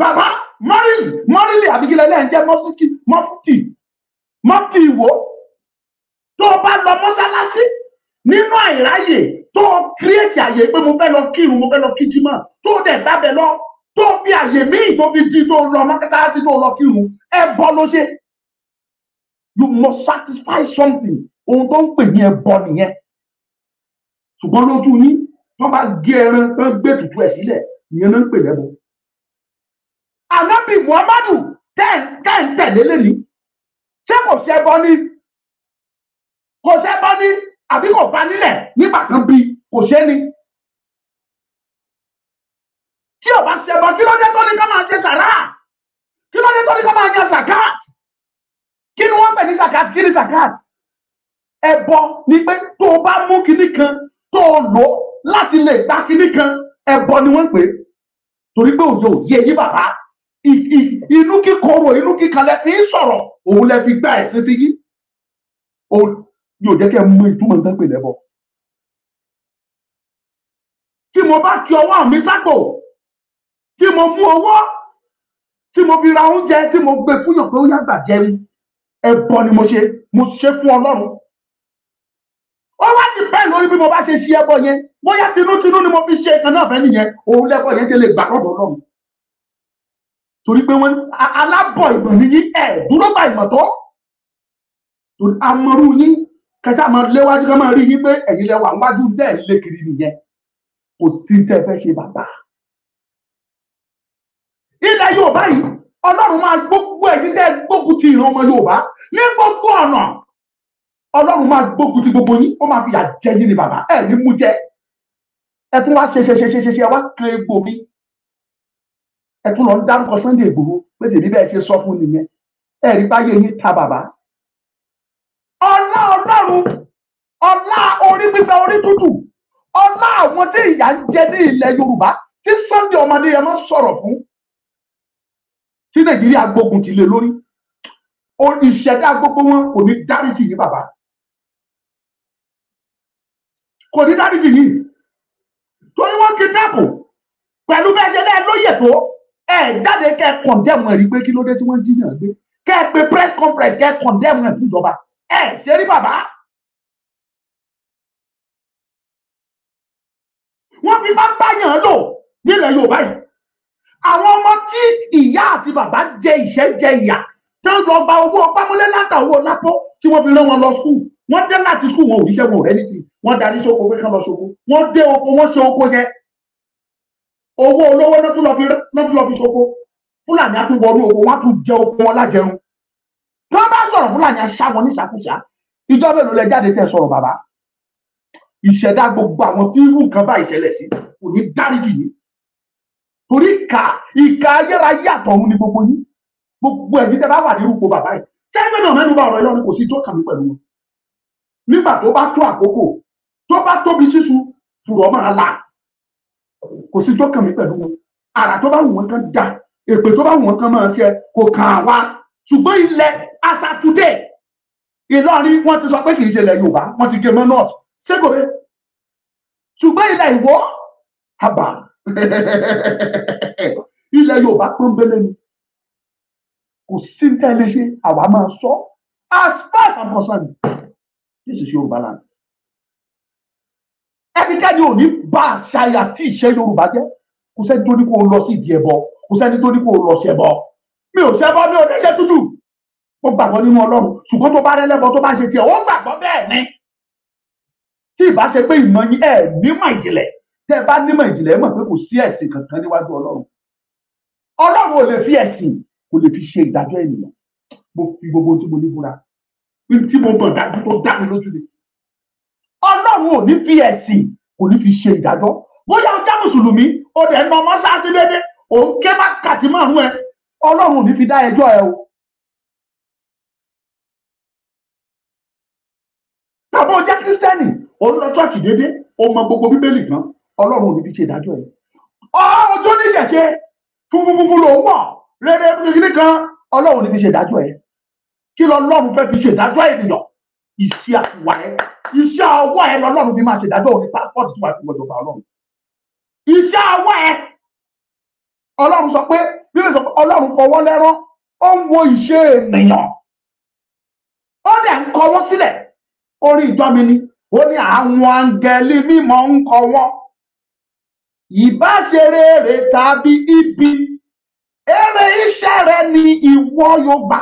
bàbá mọrìlì mọrìlì àbíkílẹ lẹ́yìn jẹ mọfútì mọfútì mọfútì ìwò tó o bá lọ mọ́sálásí nínú àìráyè tó o kírètì àyè pé mo fẹ́ lọ kírun mo fẹ́ lọ kí jímọ̀ tó o dẹ̀ dábẹ̀ lọ tó o fi àyè míì tó fi di tó o lọ mọ́sálásí tó o lọ kírun ẹ bọ́ ló ṣe you must satisfy something ohun tó ń pè ní ẹbọ nìyẹn ṣùgbọ́n lójú yín wọ́n bá gé ẹran tó ń gbé tutù ẹ̀ sílẹ̀ ìyẹn ló ń pè lẹ́bọ. ànábì muhammadu tẹ́ ń tẹ̀lé lẹ́ni ṣé kò ṣẹbọ ní kò sẹ́ bá ní àbí kò bá nílẹ̀ nígbà kan bí kò ṣe ni. tí ò bá ṣẹbọ kí ló dé tó ní ká máa ṣe sàrà kí ló dé tó ní ká máa yan zakat kí ni wọ́n pè ní zakat kí ni zakat ẹbọ ni pé tó o bá mú kinní kan tó o lò láti lè gba kinní kan ẹbọ ni wọ́n pè torí pé òye òye yí bàbá inú kíkorò inú kíkalẹ̀ fi ń sọ̀rọ̀ òun lẹ fi gba ẹ̀sìn ti yí yóò jẹ́ kẹ́ mú ìtumọ̀ nǹkan pè lẹ́bọ̀. tí mo bá kí ọwọ́ mi sápò tí mo mú ọwọ́ tí mo fi ra oúnjẹ tí mo gbé fún yàn pé ó yàgbà jẹun ẹbọ ni mo ṣe mo ṣe fún Ọlọ́run ó wá ti bẹ́ẹ̀ lórí bí mo bá ṣe ṣe ẹbọ yẹn bóyá tinútinú ni mo fi ṣe nǹkan náà fẹ́ nìyẹn òun lẹ́bọ yẹn ṣe lè gbà lọ́dọ̀ Ọlọ́run torí pé wọn alábọ̀ ìmọ̀ nìyí ẹ̀ dúró gba ìmọ̀ tó torí amọ̀rú yín kẹsà máa léwájú kẹ máa rí yín pé ẹ̀yin lẹ wà níwájú dẹ lékiri nìyẹn kò sí tẹ fẹ́ ṣe bàbá ilẹ̀ Yorùbá yìí Ọlọ́run máa gbogbo ẹ̀yin tẹ gbógun ti ìran ọmọ Yorùbá ní gbogbo ọ̀nà Ọlọ́run máa gbógun ti gbogbo yín ó máa fi yà yín ni bàbá ẹ ní mú jẹ ẹ tún wá ṣe ṣe ṣe ṣe ṣe wá kéré gbòmí ẹ tún lọ ń dárúkọ Sunday Ìgbòho pèsè bí bẹ́ẹ̀ ṣe sọ fún nìyẹn ẹ rí báyé yín ta bàbá ọlọ́run ọlá orí gbígbẹ orí tútù ọlá àwọn tí ìyà ń jẹ ní ilẹ̀ yorùbá tí sunday ọmọdé yẹn máa sọ̀rọ̀ fún tí nàìjíríà gbógun ti lé lórí ìṣẹ̀dá gbogbo wọn kò ní dáríjì yìí bàbá kò ní dáríjì yìí torí wọn kidnap pẹ̀lú bẹ́ẹ̀ ṣe lẹ́ẹ̀ lóye tó ẹ̀ jáde kẹ́ ẹ̀ kọ̀ndẹ́mù ẹ̀ rí pé kí ló dé tí wọ́n jí náà gbé kẹ́ ẹ̀ pé press conference kẹ́ ẹ̀ kọ̀ndẹ́mù ẹ̀ fún ìjọba ẹ̀ ṣe rí bàbá wọ́n fi máa báyàn lò nílẹ̀ Yorùbá yìí àwọn ọmọ tí ìyá àti bàbá jẹ ìṣẹ́ jẹ ìyà tí wọ́n lọ gba owó ọpámúlé látà owó lápò tí wọ́n fi rán wọn lọ skul wọ́n dé láti skul wọn ò ríṣẹ́ wọn ò rẹ́ni tì wọ́n darí sóko pé kán lọ sóko wọ́n dé oko wọ́n ṣe oko yẹn owó olówó náà tún lọ fi sóko Fúlàní àtúwọlú oko wọn á tún jẹ oko wọn lájẹun tí wọ́n bá sọ̀rọ̀ Fúlàní aṣáwọn níṣàkúṣà ìjọba èlò lẹ jáde tẹ sọ̀rọ̀ bàbá ìṣẹ̀dá gbogbo àwọn tí irú nǹkan bá ìṣẹ̀lẹ̀ sí kò ní dáríjì yìí torí ìka ìka ayérayé àtọ̀run ni gbogbo yín gbogbo ẹ̀yin tẹ́ bá wà nírú ipò bàbá yìí sẹ́gbẹ́ náà mẹ́nu bá ọ̀rọ̀ ẹlọ́run kò sí tó kàn mí pẹ̀lú wọn nígbà tó bá tó àkókò tó bá tóbi sísun fùrọ̀ máa là kò sí tó kàn mí pẹ̀lú wọn àrà tó bá wù wọn kan dá èpè tó bá wù wọn kan máa ṣe kò kàn án wá ṣùgbọ́n ilẹ̀ asatudé Ìlọrin wọ́n ti sọ pé kì í ṣe ilẹ̀ Yorùbá wọ́n ti gé mọ́ north ségore ṣùgbọ́n ilẹ̀ ìwọ àbá ilẹ̀ yorùbá pọ́nbélé ni kò sí ní tẹ́lẹ̀ ṣe àwa máa sọ as far as i'm concerned this is yorùbá land ẹnikẹ́ni ò ní bá àṣàyà tí ìṣe yorùbá jẹ́ kò sẹ́ni tó ní kó lọ sí ìdí ẹ̀bọ kò sẹ́ni tó ní kó lọ sí ẹ̀bọ mi ò ṣẹbọ mi ò dẹ́ṣẹ̀ tútù mo gbàgbọ́ nínú ọlọ́run ṣùgbọ́n tó bá rẹ́lẹ́bọ tó bá ṣe tiẹ̀ ó gbàgbọ́ bẹ́ẹ̀ ni tí ìbá ṣe pé ìmọ̀ yín ẹ̀ nímọ̀ ìjìnlẹ̀ tẹ́ ẹ bá nímọ̀ ìjìnlẹ̀ mọ̀ pé kò sí ẹ̀sìn kankan níwájú ọlọ́run ọlọ́run ò lè fi ẹ̀sìn kò lè fi ṣe ìdájọ́ ènìyàn mo fi gbogbo tí mo ní búra tí mo mọ̀ dájú tó dá mi lójú ni ọlọ́run ò ní fi ẹ̀sìn kò ní fi ṣe ìdájọ́ bóyá o jẹ́ mùsùlùmí o dẹ̀ ń ọmọ sáàsì déédéé o ń ké má kàtí márùn ẹ ọlọ́run ò ní fi dá ẹjọ́ ẹ o. tàbí o jẹ́ òun lọ church déédéé ó mọ gbogbo bíbélì gan ọlọ́run òbí ṣe ìdájọ́ yìí ọ̀rọ̀ tó ní ṣẹ̀ṣe funfunfunfun ló wọ̀ rere kékeré kan ọlọ́run òbí ṣe ìdájọ́ yìí kí lọ́lọ́run fẹ́ fi ṣe ìdájọ́ ènìyàn iṣẹ́ àwa ẹ iṣẹ́ ọwọ́ ẹ lọ́lọ́run fi máa ṣe ìdájọ́ òní passport tí wàá fi wọ́n jọba ọlọ́run iṣẹ́ ọwọ́ ẹ ọlọ́run sọ pé bíbélì sọ pé ọlọ́run fọwọ́ lẹ́rán ó ń wo ìṣe ènìyàn ó dẹ̀ ń kọwọ́ sílẹ̀ orí ìjọ mi ni ó ní àwọn áńgẹ́lì mímọ́ ń kọ wọ́n ìbáṣerére tàbí ibi eré iṣẹ́ rẹ ni ìwọ Yorùbá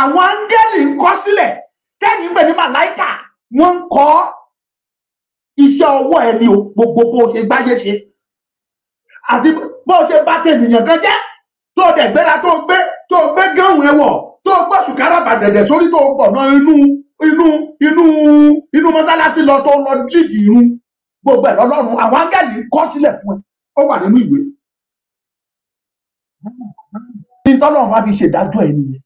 àwọn áńgẹ́lì ń kọ sílẹ̀ kẹ́yìn pẹ̀lú màláìkà wọ́n ń kọ iṣẹ́ ọwọ́ ẹ ní gbogbo bó ṣe gbáyé ṣe àti bó ṣe bá tènìyàn kan jẹ́ tó dẹ̀ gbéra tó gbé tó gbé gánwó ẹ̀wọ̀ tó gbọ́ sùkárà bàdẹ̀dẹ̀ sórí tó gbọ̀nà inú inú inú inú mọ́sálásí lọ tó lọ lídìí irun gbogbo ẹ̀ lọ́lọ́run àwọn áńgẹ́lì kọ́ sílẹ̀ fún ẹ ó wà nínú ìwé ní tọ́lọ́run bá fi ṣèdájọ́ ẹ nìyẹn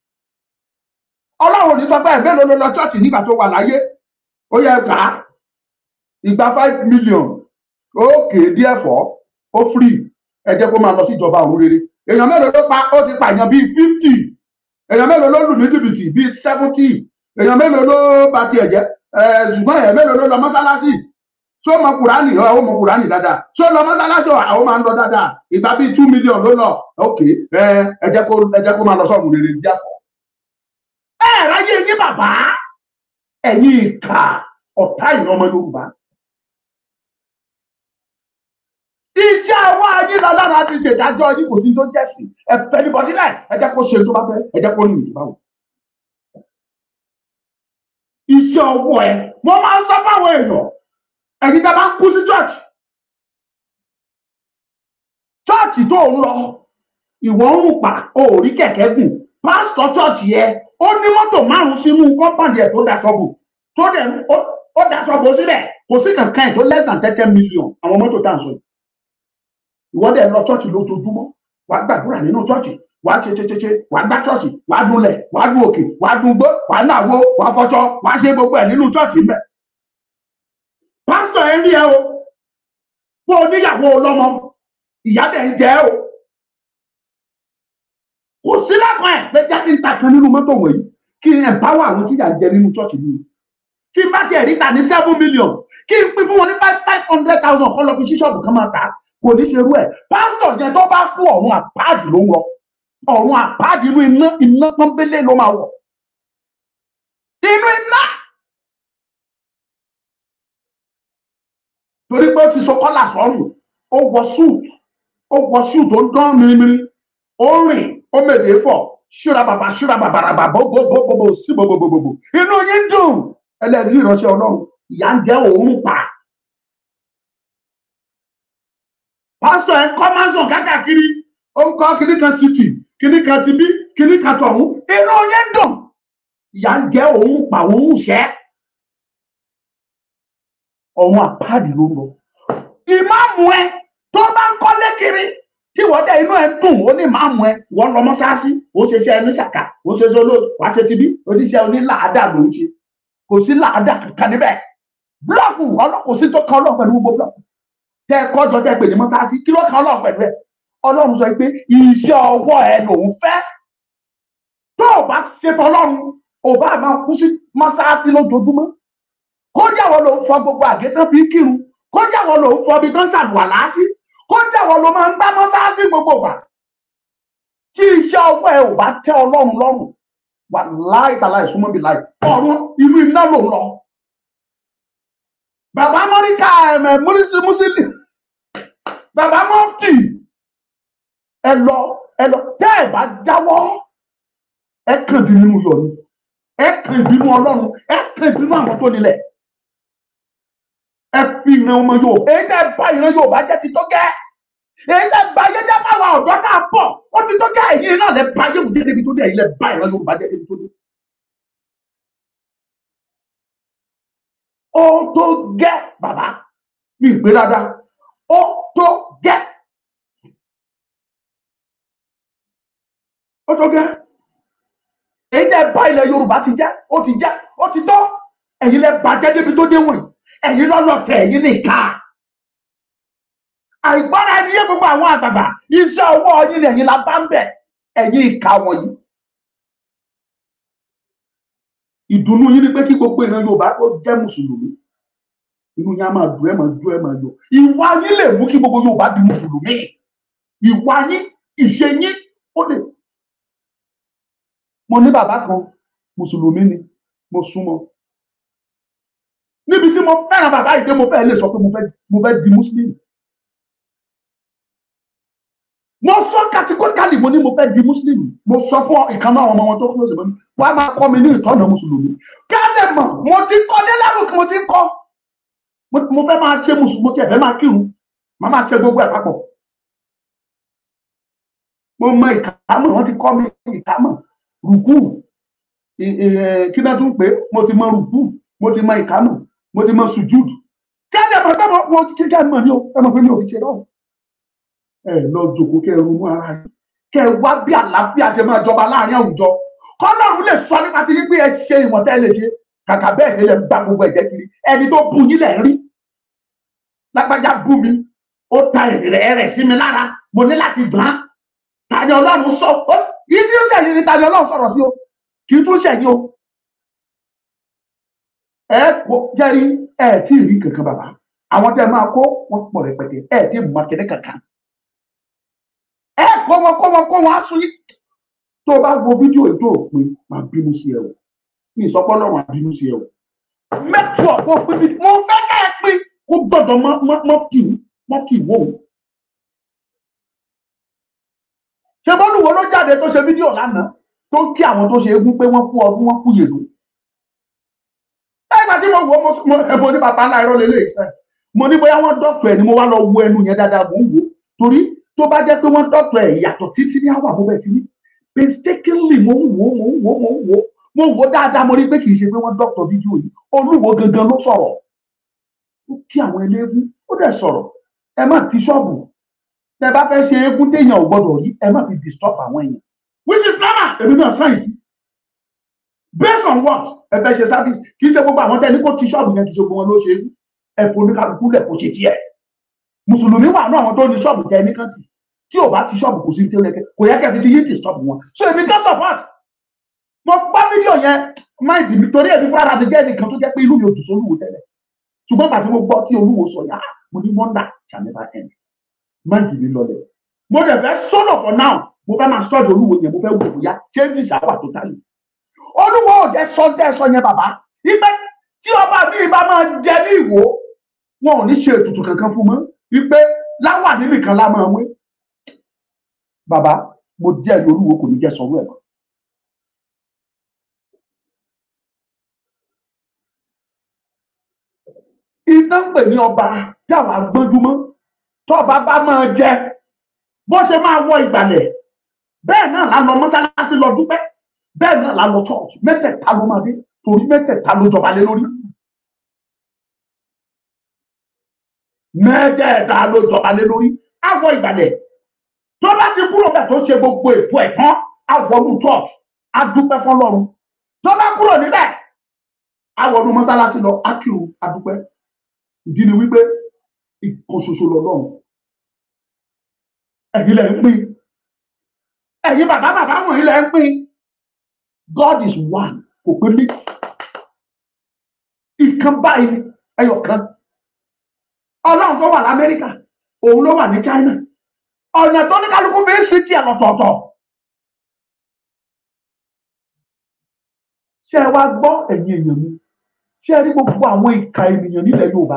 ọlọ́run ní sọ pé ẹ̀gbẹ́ ló lọ ṣọ́ọ̀ṣì nígbà tó wà láyé ó yẹ gbà á ìgbà five million ó kéé díẹ̀ fọ́ ó free ẹ jẹ́ kó máa lọ sí ìjọba òun rere èèyàn mélòó ló pa ó ti pààyàn bíi fifty èèyàn mélòó ló lù ní jìbìtì bíi seventy èèyàn mélòó ló bà tiẹ̀ jẹ́ ṣùgbọ́n èèyàn mélòó ló lọ mọ́sálásì ṣó mọ kùránì àwọn ọmọ kùránì dáadáa ṣó lọ mọ́sálásì àwọn máa ń lọ dáadáa ìgbà bíi two million ló lọ ok ẹ jẹ́ kó ẹ jẹ́ kó máa lọ sọ́ọ̀mù rere díẹ̀ fọ́. ẹ ráyè ní bàbá ẹ̀yin ìka ọ̀tá ìran ọmọ Yorùbá iṣẹ́ àwọn ayélujára lára ti ṣèdájọ́ yìí kò sí tó jẹ́sìn ẹ̀fẹ́ níbọ̀dí náà ẹ jẹ́ kó ṣe tó bá fẹ́ ẹ jẹ́ kó rìn ìjọba wò iṣẹ́ ọwọ́ ẹ mo máa ń sọ fáwọn èèyàn ẹ̀yin tá a bá kú sí church church tó ń lọ ìwọ ń pa o ò gùn pásítọ̀ church yẹ ó ní mọ́tò márùn sínú kọ́ńpàdì ẹ̀ tó daṣọ bò tó dẹ̀ ó daṣọ bò sílẹ̀ kò sí kankan ẹ̀ tó less than thirty million àwọn mọ́tò tá à ń sọ yìí ìwọ dẹ̀ lọ church lójoojúmọ́ wàá gbàdúrà nínú church wàá ṣe ṣe wàá gbá ṣọ́ọ̀ṣì wàá dunlẹ̀ wàá dun òkè wàá dun gbó wàá nàwó wàá fọṣọ wàá ṣe gbogbo ẹ̀ nínú ṣọ́ọ̀ṣì mẹ́. pásítọ̀ ẹ rí ẹ o bó o níyàwó ìyá dẹ̀ ń jẹ́ o kò sí lẹ́kọ̀ọ́ ẹ̀ pé jáde ń kan nínú mọ́tò wọ̀nyí kí n ẹ̀báwọ̀ àwọn tíjà jẹ nínú ṣọ́ọ̀ṣì mi tí bá tiẹ̀ rí ta ní seven million kí n pín fún wọn ní five hundred thousand kọ́ ọ̀run àpáàdì inú iná iná pọ́nbélé ló máa wọ̀ inú iná torí pé ó ti so kọ́là sọ́rùn ó wọ suit ó wọ suit ó ń dán mímírí ó rìn ó mèdè fọ̀ ṣúra bàbà ṣúra bàbàrà bàbà gbogbogbò sí gbogbogbò inú yín dùn ẹlẹ́rìí ìránṣẹ́ ọlọ́run ìyá ń jẹ́ òórùn pa. pásítọ̀ ẹ̀ kọ́ máa ń sùn kákàkiri ó ń kọ́ kiri kan city kíní kan ti bí kíní kan tọ̀hún inú yẹn dùn ìyá ń jẹ́ òun pa òun ṣẹ́ ọ̀hún àpáàdì ló ń lọ. ìmáàmù ẹ tó bá ń kọ́lé kiri tí wọ́n dẹ inú ẹ dùn ó ní ìmáàmù ẹ wọ́n lọ mọ́sáàsì ó ṣe iṣẹ́ ẹni ṣàkà ó ṣe iṣẹ́ olóòtú wá ṣe ti bí oníṣẹ́ onílàádà ló ń ṣe kò sí làádà kankan níbẹ̀ búlọ̀kù ọlọ́kùnrin tó kọ́ ọlọ́ọ̀ pẹ̀lú gbogbo búlọ̀kù tẹ́ ẹ kọ́ jọ tẹ́ ẹ pè ní mọ́sáàsì kí ló kọ́ ọlọ́ọ̀ pẹ̀lú ẹ̀ e? ọlọ́run sọ pé iṣẹ́ ọwọ́ ẹ lòun fẹ́ tó o bá ṣe tọlọ́run o bá máa kú sí mọ́ṣáláṣí lójoojúmọ́ kódà wọn lòun fọ gbogbo àgé tán fi kírun kódà wọn lòun fọ ibi tán ṣàlùwà láásí kódà wọn ló máa ń gbá mọ́ṣáláṣí gbogbo gbà tí iṣẹ́ ọwọ́ ẹ ò bá tẹ́ ọlọ́run lọ́rùn wà láì tàlà ìsúnmọ́ bí láì ọ̀run ìlú iná lòun lọ. bàbá mọ́ríkà ẹ̀mẹ̀ múrísí músílì bàbá mọ́fì ẹ lọ ẹ lọ tẹ ẹ bá jáwọ́ ẹ kàn bí nínú yọ ni ẹ kàn ìbínú Ọlọ́run ẹ kàn ìbínú àwọn tó nílẹ̀ ẹ fi ìran ọmọ Yorùbá èyí tẹ bá ìran Yorùbá jẹ́ ti tó gẹ́ èyí lẹ bá yé jẹ́ báwa ọ̀dọ́ ká pọ̀ ó ti tó gẹ́ èyí náà lẹ bá yéwu jẹ́ débi tó dé èyí lẹ bá ìran Yorùbá jẹ́ débi tó dé. ó tó gẹ́ bàbá mi ìgbé dáadáa ó tó gẹ́ ó tó gẹ́ èyí tẹ́ bá ilẹ̀ yorùbá ti jẹ́ ó ti jẹ́ ó ti tọ́ ẹ̀yin lẹ bàjẹ́ débi tó dé wọ̀nyí ẹ̀yin lọ́lọ́tẹ̀ ẹ̀yin nìka àìgbọ́ra ẹni yé gbogbo àwọn àgbàgbà iṣẹ́ ọwọ́ yín lẹ́yìn la bá ń bẹ̀ ẹ̀yin ìka wọ̀nyí ìdùnnú yín ni pé kí gbogbo ìran yorùbá tó jẹ́ mùsùlùmí inú yín á máa dùn ẹ máa dùn ẹ máa yọ ìwà yín lè mú kí gbogbo yorùbá di mùsùlùmí ìwà yín ìṣe yín ó lè mo ní bàbá kan mùsùlùmí ni mo súnmọ́ níbi tí mo fẹ́ràn bàbá yìí dé mo fẹ́ lè sọ pé mo fẹ́ di muslim mo sọ kàtíkókàlì mo ní mo fẹ́ di muslim mo sọ fún ìkan náà ọmọ wọn tó kúrò síbẹ̀ wọ́n á máa kọ́ mi ní ìtọ́nà mùsùlùmí kálẹ̀ mọ̀ mo ti kọ́ dé lábùk mo ti kọ́ mo fẹ́ máa ṣe mùsùlùmí mo ti ẹ̀fẹ́ máa kírun màá máa ṣe gbogbo ẹ̀ papọ̀ mo mọ ìkàmọ̀ wọ́n ti kọ́ mi ìkàmọ̀ rùkú kí náà tún pé mo ti mọ rùkú mo ti mọ ìkánù mo ti mọ sùjúd kí á dẹ̀ mọ̀ pé mo kí ká mọ̀ ní o ẹ mọ̀ pé mi ò fi ṣe lọ́wọ́ ẹ lọ jòkó kẹ ronú ara yìí kẹ wá bí àlàáfíà ṣe máa jọba láàrin àwùjọ kọ́lọ́run lè sọ nípa ti wípé ẹ ṣe ìwọ̀n tẹ́ ẹ lè ṣe kàkà bẹ́ẹ̀ ṣe lè gba gbogbo ẹ̀jẹ̀ kiri ẹni tó bu yín lẹ̀ rí lágbájá bú mi ó ta ẹ̀rẹ̀ rẹ̀ sí mi lára mo ní láti gbọ́n tàbí ọlọ́run sọ yìí tí ó ṣẹ̀yìn ni tàbí ọlọ́run sọ̀rọ̀ sí o kì í tún ṣẹ̀yìn o ẹ kò jẹ́rí ẹ tí ì rí kankan bàbá àwọn tẹ máa kó wọn pọ̀ rẹpẹtẹ ẹ tí ì mọ kẹlẹ kankan ẹ kó wọn kó wọn kó wọn aṣọ yìí tó o bá wo fídíò ètò òpin máa bínú sí ẹ o ní ìsọpọ̀ ọlọ́run àbínú sí ẹ o mẹ́tù ọ̀pọ̀ pín mo fẹ́ ká ẹ pín kó gbọ́dọ̀ mọ́ kì í wò ó. ṣé bọ́lùwọ́ ló jáde tó ṣe fídíò lánàá tó ń kí àwọn tó ṣe eégún pé wọ́n kú ọdún wọ́n kú yèlò. ẹgbà tí mo wò ó mo ní bàbá ńlá irọ́ lélẹ̀ ìṣe mo ní bóyá wọ́n dọ́tọ̀ ẹ̀ ni mo wá lọ wo ẹnu yẹn dáadáa mò ń wò torí tó bá jẹ́ pé wọ́n dọ́tọ̀ ẹ̀ yàtọ̀ títí ní àwọn àbúbẹ̀ sí ní painstakingly mo ń wò mo ń wò mo ń wò mo wò dáadáa mo rí pé kì í ṣe pé wọ́n dọ́tọ̀ fídíò yìí olúwo gangan ló sọ̀rọ̀ ó kí àwọn eléégún ó dẹ̀ sọ̀rọ̀ ẹ má ti ṣọ́ọ̀bù tẹ bá fẹ́ ṣe eégún téèyàn ò gbọdọ̀ yí ẹ má fi disturb àwọn èèyàn which is normal èmi náà sáyẹ̀nsì based on what ẹ fẹ́ ṣe service kì í ṣe gbogbo àwọn tẹ́lẹ̀ kó ti ṣọ́ọ̀bù yẹn ti ṣe gbogbo wọn ló ṣe eégún ẹ foníkàlùkù lẹ̀ kó ṣe tiẹ̀ mùsùlùmí wà náà àwọn tó ní ṣọ́ọ̀bù tẹ ní kàntì tí ò bá ti ṣọ́ọ̀bù kò sí ní tẹ́lẹ̀ kò yẹ kẹ́ fi ti yí disturb wọn so èmi ká support mo gbọ́ fídíò yẹn máì dì mí torí èmi fún ara mi jẹ́ ẹnìkan tó jẹ́ pé inú mi ò dùn sólúwo tẹ́lẹ̀ ṣùgbọ́n pàtó mo gbọ́ tí olúwo sọ yá ah, mo ní wonder shall never end má jù mí lọlẹ̀ mo dẹ̀ fẹ́ sọ́nà for now mo fẹ́ máa sọ́dọ̀ olúwo yẹn mo fẹ́ wò bóyá changes àwà tó tà yìí olúwo ò jẹ́ sọ dẹ́ sọ yẹn bàbá ipe tí ọba mi bá máa jẹ ní ìwò wọn ò ní ṣe ètùtù kankan fún mọ́ ipe láwà níbì kan lá máa wé bàbá mo díẹ̀ ní olúwo kò ní jẹ́ sọ wẹ́ẹ̀ iná pè ní ọba tí àwọn agbọ́njú mọ́ tọ́ba bá máa jẹ bó ṣe máa wọ ìgbàlẹ̀ bẹ́ẹ̀ náà la lọ mọ́sálásí lọ dúpẹ́ bẹ́ẹ̀ náà la lọ church mẹ́tẹ̀ẹ̀ta ló máa dé torí mẹ́tẹ̀ẹ̀ta ló jọba lé lórí. mẹ́tẹ̀ẹ̀ta ló jọba lé lórí àwọ ìgbàlẹ̀ tó bá ti kúrò bẹ́ẹ̀ tó ṣe gbogbo ètò ẹ̀ tán àwọ̀lú church á dúpẹ́ fọlọ́run tó bá kúrò níbẹ̀ àwọ̀lú mọ́sálásí lọ á kírun á dúpẹ́ ìdí ni wípé ìkan ṣoṣo lọ́lọ́run ẹ̀yin lẹ ń pín ẹ̀yin bàbá bàbá wọ̀nyí lẹ ń pín God is one kò pé mí ìkan báyìí ẹyọ kan ọlọ́run tó wà lamẹ́ríkà òun ló wà ní China ọ̀nà tó ní kálukú fi ń sin tiẹ̀ lọ́tọ̀ọ̀tọ̀. ṣé ẹ wá gbọ́ ẹ̀yin èèyàn mi ṣé ẹ rí gbogbo àwọn ìka ènìyàn nílẹ̀ Yorùbá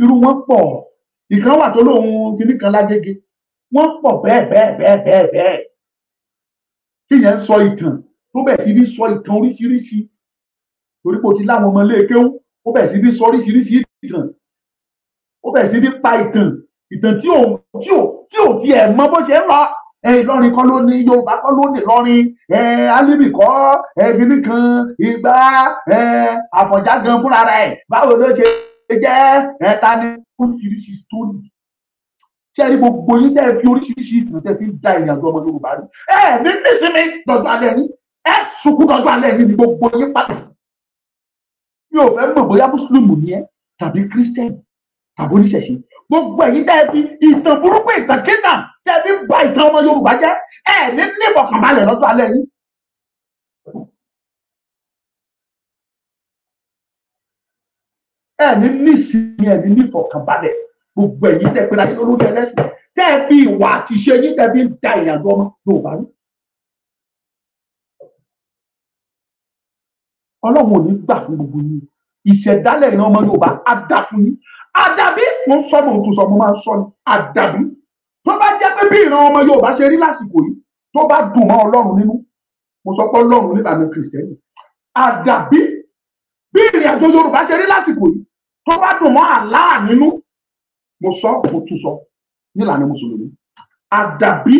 irú wọn pọ̀ ìkan wà tó lóun kìnnìkan lágége wọ́n pọ̀ bẹ́ẹ̀ bẹ́ẹ̀ bẹ́ẹ̀ bẹ́ẹ̀ bẹ́ẹ̀ tí yẹn sọ ìtàn tó bẹ̀ sí bí sọ ìtàn oríṣiríṣi torí pé ti láwọn ọmọ ilé kéwú ó bẹ̀ sí bí sọ oríṣiríṣi ìtàn ó bẹ̀ sí bí pa ìtàn ìtàn tí ò tí ò tí ò tiẹ̀ mọ bó ṣe ń lọ ìlọrin kọ́ ló ní yorùbá kọ́ ló ní ìlọrin alibi kọ́ ẹ̀ẹ́dínní kan ìgbà àfọ̀njá gan fúnra rẹ̀ báwo ló ṣe jẹ́ ẹ̀ta ní oríṣiríṣi sítórì ṣé ẹ rí gbogbo yín tẹ́ ẹ fi oríṣiríṣi ìtàn tẹ́ fi ń da ìyàgbọ́ ọmọ Yorùbá rí ẹ ní nísìnyí dọ̀dọ̀ alẹ́ yín ẹ sunkún dọ̀dọ̀ alẹ́ yín ní gbogbo yín pátá mi ò fẹ́ mọ̀ bóyá mùsùlùmù ni ẹ tàbí kírísítẹ́nì tàbí oníṣẹ̀ṣe gbogbo ẹ̀yin tẹ́ ẹ fi ìtàn burúkú ìtàn kíta tẹ́ ẹ fi ń ba ìtàn ọmọ Yorùbá jẹ́ ẹ ní nífọ̀kànbalẹ̀ lọ́dọ̀ alẹ́ yín ẹ ní nísìnyí ẹ ní nífọ̀kànbalẹ̀ gbogbo ẹ̀yin tẹ́ pé láyé lórúkọ ẹlẹ́sìn tẹ́ ẹ fi ìwà àti ìṣe yín tẹ́ fi ń da ìyàgbọ́ ọmọ yorùbá rí. ọlọ́run ò ní gbà fún gbogbo yín ìṣẹ̀dálẹ̀ ìran ọmọ yorùbá á dà fún yín àdàbí mo ń sọ mo tún sọ mo máa ń sọ ni àdàbí tó bá jẹ́ pé bí ìran ọmọ yorùbá ṣe rí lásìkò yìí tó bá dùn mọ́ ọlọ́run nínú mo sọ pé ọlọ́run nígbà mi kìrìsìtẹ́nì àdàbí bí ìrìn àjò yorùbá ṣe rí lásìkò yìí tó bá dùn mọ́ àlá nínú mo sọ mo tún sọ nílànà mùsùlùmí àdàbí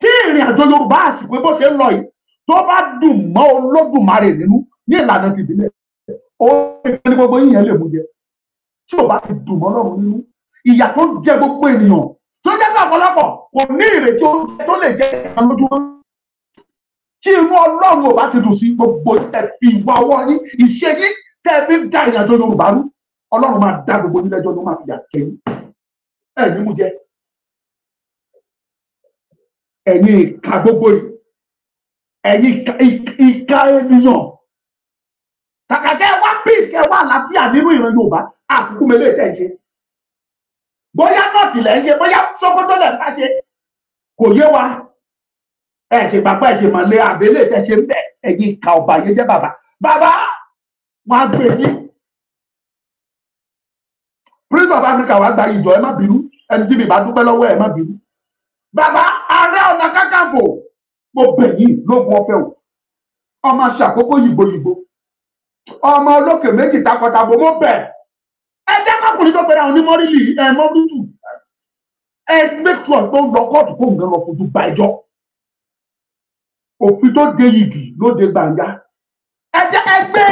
tí ìrìn àjò yorùbá àsìkò bó ṣe ń lọ yìí tó bá dùn mọ́ olódùmarè nínú ní ìlànà ti ìbílẹ̀ ó ní gbogbo yìnyín yẹn lè mú jẹ tí ò bá ti dùn mọ́ lọ́rùn nínú ìyà tó jẹ gbogbo ènìyàn tó jẹ́ pé ọ̀pọ̀lọpọ̀ kò ní ìrètí oúnjẹ tó lè jẹ ìyàn tí inú ọlọ́run ò bá ti dùn sí gbogbo ìtẹ̀fì ìwà yín ìṣe yín tẹ́ ń da ìrìn àjò yorùbá rú ọlọ́run máa dá gbogbo yín lẹ́jọ́ ló máa fi yà kẹ́yìn ẹ̀ ní mú jẹ ẹ̀yin ìka gbogbo yìí ẹ̀yin ìka ènìyàn kàkàkẹ́ wá peace kẹ́ wá àlàáfíà nínú ìran Yorùbá àkókò mélòó ìtẹ̀ ṣe bóyá nọ́ọ̀tì lẹ́ ń ṣe bóyá Sókótó lẹ́ ń bá ṣe kò yé wa ẹ̀ ṣe bàbá ẹ̀ ṣe mọ̀lẹ́ àbẹ́lẹ̀ ìtẹ̀ ṣe ń bẹ̀ ẹ̀yin ìka ọ̀bà yẹn jẹ́ bàbá bàbá wọn á gbé yín prince of africa wàá gba ìjọ ẹ má bínú ẹni tí mi bá dúpẹ́ lọ́wọ́ ẹ má bínú bàbá ààrẹ ọ̀nà kákàǹfò mo bẹ̀ yín lógun ọ̀fẹ́ o ọmọ ṣàkókò yìnbó yìnbó ọmọ olókè méjì takọtabo mo bẹ̀ ẹ dákàkùnrin tó fẹ́ràn onímọ̀rìlì ẹ mọ́rútù ẹ make sure tó lọ kóòtù kó nǹkan lọ fojú ba ẹjọ́ òfin tó de yìgì ló de gbàǹgà ẹ jẹ́ ẹgbẹ́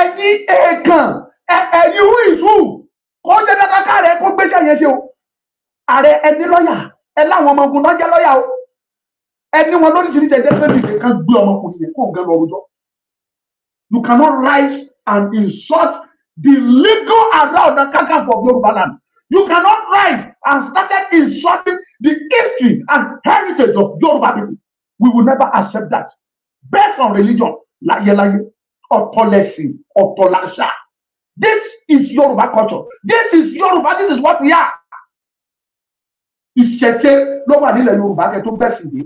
ẹ̀yin èèkàn ẹ̀yin who is who kò ṣe dandan káàrẹ kó gbéṣẹ́ yẹn ṣe o ààrẹ ẹni lọ́yà ẹ láwọn ọmọ náà jẹ́ lọ́yà o ẹni wọn lóríṣiríṣi ẹ̀jẹ̀ pẹ́ẹ́lú ìdè kan gbé ọmọkùnrin yẹn kó ń gẹ́ lọ rojọ́ you cannot rise and insult the legal Ààrẹ Ọ̀nà Kakanfò for Yorùbá land you cannot rise and started insulting the history and heritage of Yorùbá people we will never accept that based on religion láyéláyé ọ̀tọ̀lẹ̀sìn ọ̀tọ̀làṣà. This is Yoruba culture. This is Yoruba. This is what we are. Ìṣẹ̀ṣe ló wà nílẹ̀ Yorùbá kẹ́ tó bẹ̀ sí yìí.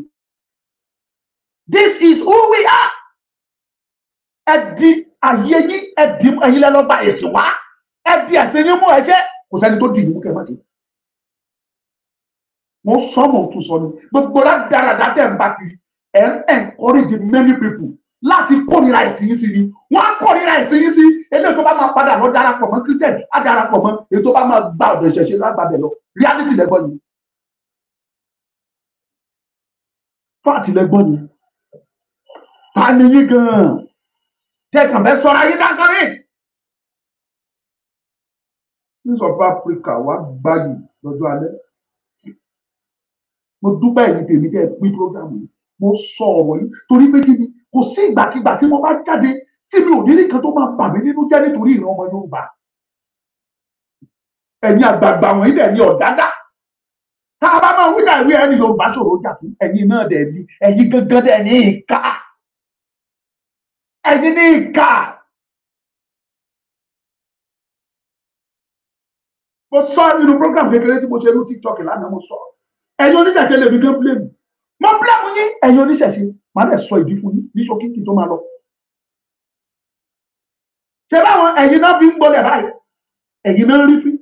This is who we are. Ẹ di ayé yín, ẹ di ẹyin lẹ́lọ́gbà èsì wá. Ẹ di ẹ̀sìn yín mú ẹ̀ṣẹ́. Kò sẹ́ni tó di ìlú kẹ́ máa ṣe. Wọ́n sọ mọ̀ tún sọ ni. Gbogbo dáradára tẹ̀ ń bá kiri. Ẹ ń encourage many people láti kórìíra ìsìn sí ni wọ́n á kórìíra ìsìn sí eléyìí tó bá máa padà lọ darapọ̀ mọ́ christian á darapọ̀ mọ́ èyí tó bá máa gba ọ̀dọ̀ ìṣẹ̀ṣe lágbàbẹ̀ lọ reality lẹ́gbọ́n ni fact lẹ́gbọ́n ni ta ni yí gan-an tẹ̀kàn bẹ́ sọ́ra yí dáńkárí Prince of Africa wá gbáyì lọ́jọ́ alẹ́ mo dúpẹ́ ìdí tèmi tẹ́ pín program yìí mo sọ ọ̀rọ̀ yìí torí pé kí ni kò sí ìgbàkigbà tí mo bá jáde tí mi ò ní ní kan tó máa bà mí nínú jẹ́ nítorí ìran ọmọ Yorùbá ẹ̀yin àgbààgbà wọ̀nyí dẹ̀ ní ọ̀dádá tá a bá máa wí dàrí ẹni Yorùbá ṣòro jà fún ẹ̀yin náà dẹ̀ ní ẹ̀yin gangan dẹ̀ ní ìka ẹ̀yin ní ìka mo sọ nínú program kékeré tí mo ṣe ní TikTok lánàá mo sọ ẹ̀yin oníṣẹ̀ṣe lè fi gán blame mo blame yín ẹ̀yin oníṣẹ̀ṣe màá lè sọ ìdí fún yín ní ṣókíkì tó máa lọ. ṣé báwọn ẹ̀yin náà fi ń gbọ́lẹ̀ báyìí ẹ̀yin náà rí fún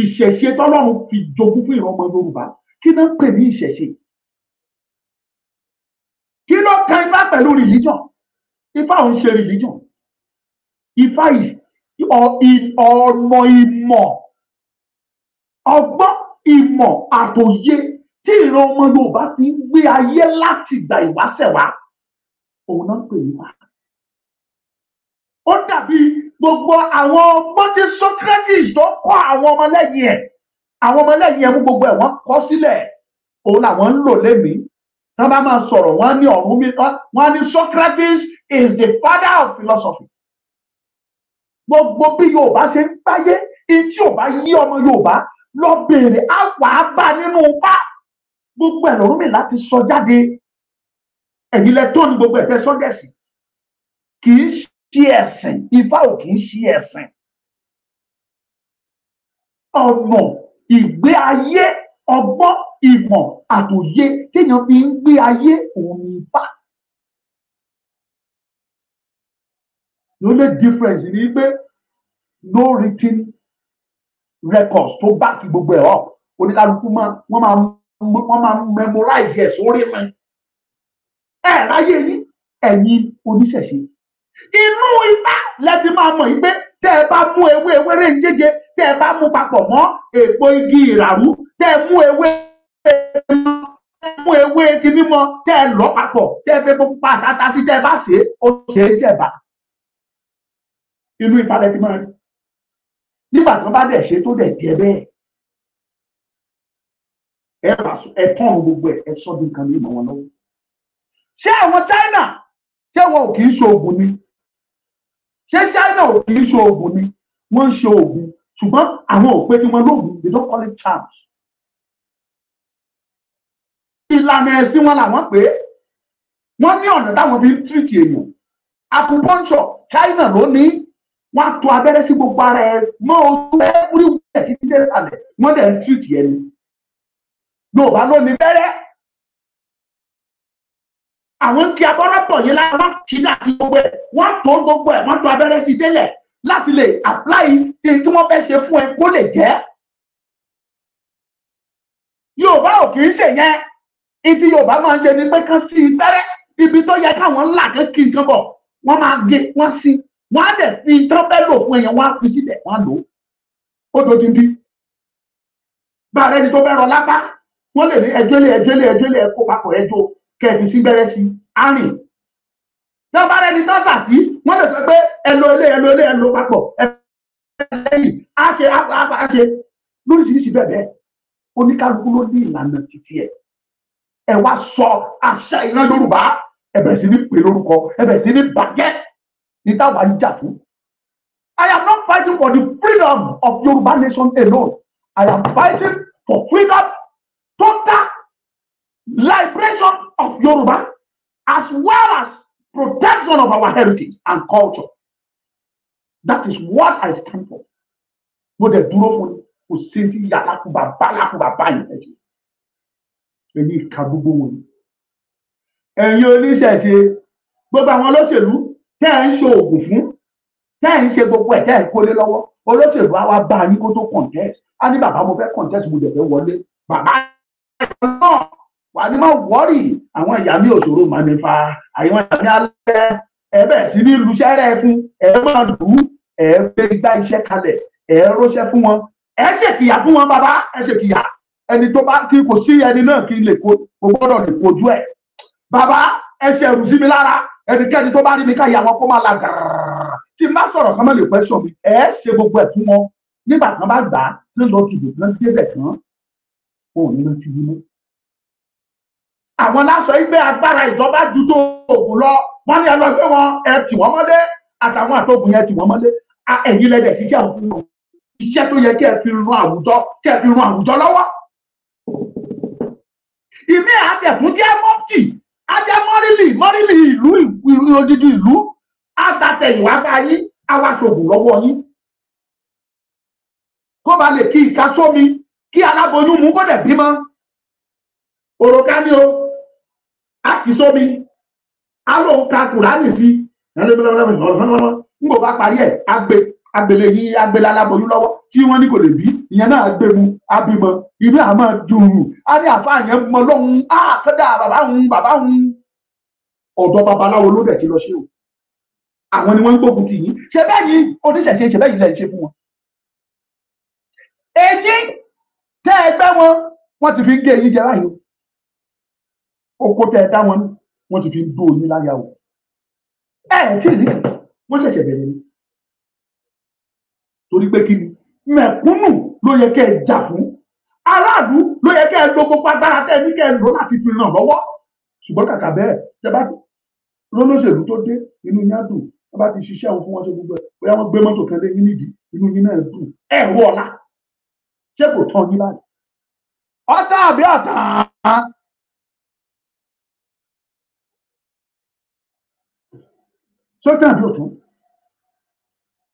ìṣẹ̀ṣe tọ́lọ́run fi jogún fún ìran ọmọ Yorùbá kí náà pè ní ìṣẹ̀ṣe. kí ló ka ifá pẹ̀lú religion ifá ò ń ṣe religion ifá ọ̀nà ìmọ̀ ọgbọ́n ìmọ̀ àtòyé tí ìran ọmọ Yorùbá ti ń gbé ayé láti ìgbà ìwáṣẹ̀ wá òun náà ń pè nípa. ó dàbí gbogbo àwọn mọ́tí Socrates tó kọ́ àwọn ọmọlẹ́yìn ẹ̀ àwọn ọmọlẹ́yìn ẹ̀ mú gbogbo ẹ̀ wọ́n kọ́ sílẹ̀ òun làwọn ń lò lémìí tán bá máa sọ̀rọ̀ ní ọ̀run mi wọ́n ní Socrates is the father of philosophy. gbogbo bí Yorùbá ṣe ń gbáyé etí Yorùbá yí ọmọ Yorùbá lọ bèrè àwa bá nínú bá gbogbo ẹ̀ lọ́rùn mi láti sọ jáde ẹ̀yin lẹ tó ní gbogbo ẹ̀ fẹ́ sọ dẹ̀sìn kì í ṣe ẹ̀sìn ifá ò kì í ṣe ẹ̀sìn ọ̀nà ìgbé ayé ọgbọ́n ìmọ̀ àtòyé téèyàn fi ń gbé ayé òun ní ifá. the only difference ni pé no written records tó báàkì gbogbo ẹ̀ up oníkálukú máa wọ́n máa wọ́n máa memorize ẹ̀ sórí mi ẹ̀ ráyè yín ẹ̀yin oníṣẹ̀ṣe inú ifá lẹ́tí máa mọ̀ yí pé tẹ́ ẹ bá mú ewé ewéré ń jẹ́jẹ́ tẹ́ ẹ bá mú papọ̀ mọ́ èpo igi ìràrú tẹ́ ẹ mú ewé mú ewé kíní mọ́ tẹ́ ẹ lọ́ papọ̀ tẹ́ ẹ fẹ́ bó pa àtàtà sí tẹ́ ẹ bá ṣe é ó ṣe é tẹ́ ẹ bá inú ifá lẹ́tí máa rí nígbà tó bá dẹ̀ ṣe tó dẹ̀ jẹ́ bẹ́ẹ̀ ẹ rà ẹ tọ́run gbogbo ẹ ẹ sọ bí nǹkan ní ìmọ̀ wọn lọ́wọ́ ṣé àwọn China ṣé wọn ò kì í ṣe oògùn ni ṣé China ò kì í ṣe oògùn ni wọ́n ń ṣe oògùn ṣùgbọ́n àwọn ò tí wọ́n lóògùn they don't call it charms ìlànà ẹ̀sìn wọn làwọn pé wọ́n ní ọ̀nà táwọn fi ń tìrìtì èèyàn acupuncture China ló ní wọ́n á to abẹ́rẹ́ sí gbogbo ara ẹ mọ́ ojú ẹ kúrú ẹ̀ títí dé sàlẹ̀ wọ́n dẹ̀ ń tìrìtì ẹni yorùbá ló ní bẹ́rẹ́ àwọn kí abọ́rọ́ bọ̀ yín lára kí ní àti gbogbo ẹ̀ wọ́n tó gbogbo ẹ̀ wọ́n tó abẹ́rẹ́ sí délẹ̀ láti lè apply ní tí wọ́n fẹ́ ṣe fún ẹ kó lè jẹ́ yorùbá ò kì í ṣe yẹn ìtì yorùbá máa ń ṣe ni pé kán sí i bẹ́rẹ́ ibi tó yẹ káwọn ńlá kan kí nǹkan bọ̀ wọ́n máa gé wọ́n sí wọ́n á dẹ̀ fi tán fẹ́ lò fún ẹ̀yàn wọ́n á fi sílẹ̀ wọ́n á lò ó ó dodindi bá a rẹ́ni tó fẹ́ rọ lápá wọ́n lè ní ẹjọ́ lé ẹjọ́ ẹkọ papọ̀ ẹjọ́ kẹfì sí gbẹrẹ sí arìn tí wọ́n bá tọ́sà sí wọ́n lè sọ pé ẹlò ilé ẹlò ilé ẹlò papọ̀ ẹsẹ̀yìn á ṣe á ṣe lóríṣiríṣi bẹ́ẹ̀ bẹ́ẹ̀ ló ní ìlànà títí ẹ̀ ẹ wá sọ àṣà ìran yorùbá ẹ sí ní pè lórúkọ ẹ sí ní bàjẹ́ ní táwa ń jà fún I am not fighting for the freedom of Yoruba nation alone. I am fighting for freedom liberation of Yoruba, as well as protection of our heritage and culture. That is what I stand for. But Mo dẹ̀ dúró fún kò sí ti yàtàkùbà bá yàtàkùbà bá yẹn ẹ̀jẹ̀. Èmi ìka gbogbo wọn ni. Ẹ̀yin oníṣẹ̀ṣe gbogbo àwọn olóṣèlú tẹ́ ẹ̀ ń ṣe oògùn fún tẹ́ ẹ̀ ń ṣe gbogbo ẹ̀ tẹ́ ẹ̀ kólé lọ́wọ́ olóṣèlú àwa bá yín kó tó contest. A ní bàbá mo fẹ́ contest mo dẹ̀ fẹ́ wọlé. Bàbá àní má wọ́rì àwọn ìyá mi òṣòro mà ní fa àwọn ìyá mi alẹ́ ẹ bẹ̀rẹ̀ sí ní luṣẹ́ rẹ̀ fún ẹ máa dùn ún ẹ fẹ́ gbá iṣẹ́ kalẹ̀ ẹ rọ́ṣẹ́ fún wọn ẹ ṣèkìyà fún wọn bàbá ẹ ṣèkìyà ẹni tó bá kí kò sí ẹni náà kí lè kó gbọ́dọ̀ lè kojú ẹ̀ bàbá ẹ ṣẹ̀rù sí mi lára ẹnikẹ́ni tó bá rí mi káyà wọn kó má la gàrà tí má sọ̀rọ̀ kán má lè pẹ́ sọ mi ẹ ṣe gbogbo ẹ̀ fún wọn nígbà kan bá gbà á tí ń lọ tùdù tí wọ́n débẹ̀ àwọn láṣọ ìgbé agbára ìjọba ju tó oògùn lọ wọn ní ẹlọgbẹ wọn ẹ tì wọn mọ́lé àtàwọn àtọkùn yẹn tì wọn mọ́lé ẹ̀yin lẹdẹ ṣiṣẹ́ òkun iṣẹ́ tó yẹ kí ẹ fi ran àwùjọ kí ẹ fi ran àwùjọ lọ́wọ́ ìmí àtẹ̀tún jẹ́ mọ́fì ajẹ́ mọ́rìlì mọ́rìlì ìlú ìlú odidi ìlú àtàtẹ̀yìnwá bá yín àwa ṣògùn lọ́wọ́ yín kó ba lè kí ìka sómi kí aláboyún mú kó dẹ̀ bímọ òròká ni o kì sómi á lóun ka kùránì sí ń bò bá parí ẹ̀ agbe agbèlè yìí agbèlè aláboyún lọ́wọ́ tí wọ́n ní kò lè bí ìyẹn náà gbé mu abímọ ibi àmọ́ dùrù á ní àfáà yẹn mọ lóhun á kọ́dà bàbá òun bàbá òun ọ̀dọ̀ babaláwo ló dẹ̀ ti lọ sí o àwọn ni wọ́n ń gbógun tì yín ṣe bẹ́ẹ̀ ni oníṣẹ̀ṣe ṣe bẹ́ẹ̀ yìí lẹ́yìn ṣe fún wọn. èyí tẹ́ ẹ wọn wọ́n ti fi gé eyín jẹ láyé o oko tẹ ẹ dá wọn ní wọn ti fi ń dó oyin láyà o ẹ ẹ tí ì rí wọn ṣẹ̀ṣẹ̀ bẹ̀rẹ̀ ni torí pé kí ni mẹ̀kúnnù ló yẹ kẹ́ ẹ jà fún aráàlú ló yẹ kẹ́ ẹ lo gbogbo agbára tẹ́ ẹ ní kẹ́ ẹ lò láti fi ràn lọ́wọ́ ṣùgbọ́n kàkà bẹ́ẹ̀ tẹ́ bá lólóṣèlú tó dé inú yín á dùn wọ́n bá ti ṣiṣẹ́ àwọn fún wọn ṣe gbogbo ẹ̀ bóyá wọ́n gbé mọ́tò kan lé yín nídìí inú yín náà dùn ẹ̀ wọ́ ọ̀la ṣé kò tán yín láàyè ọ̀tá àbí àtàn sójú àbí òtún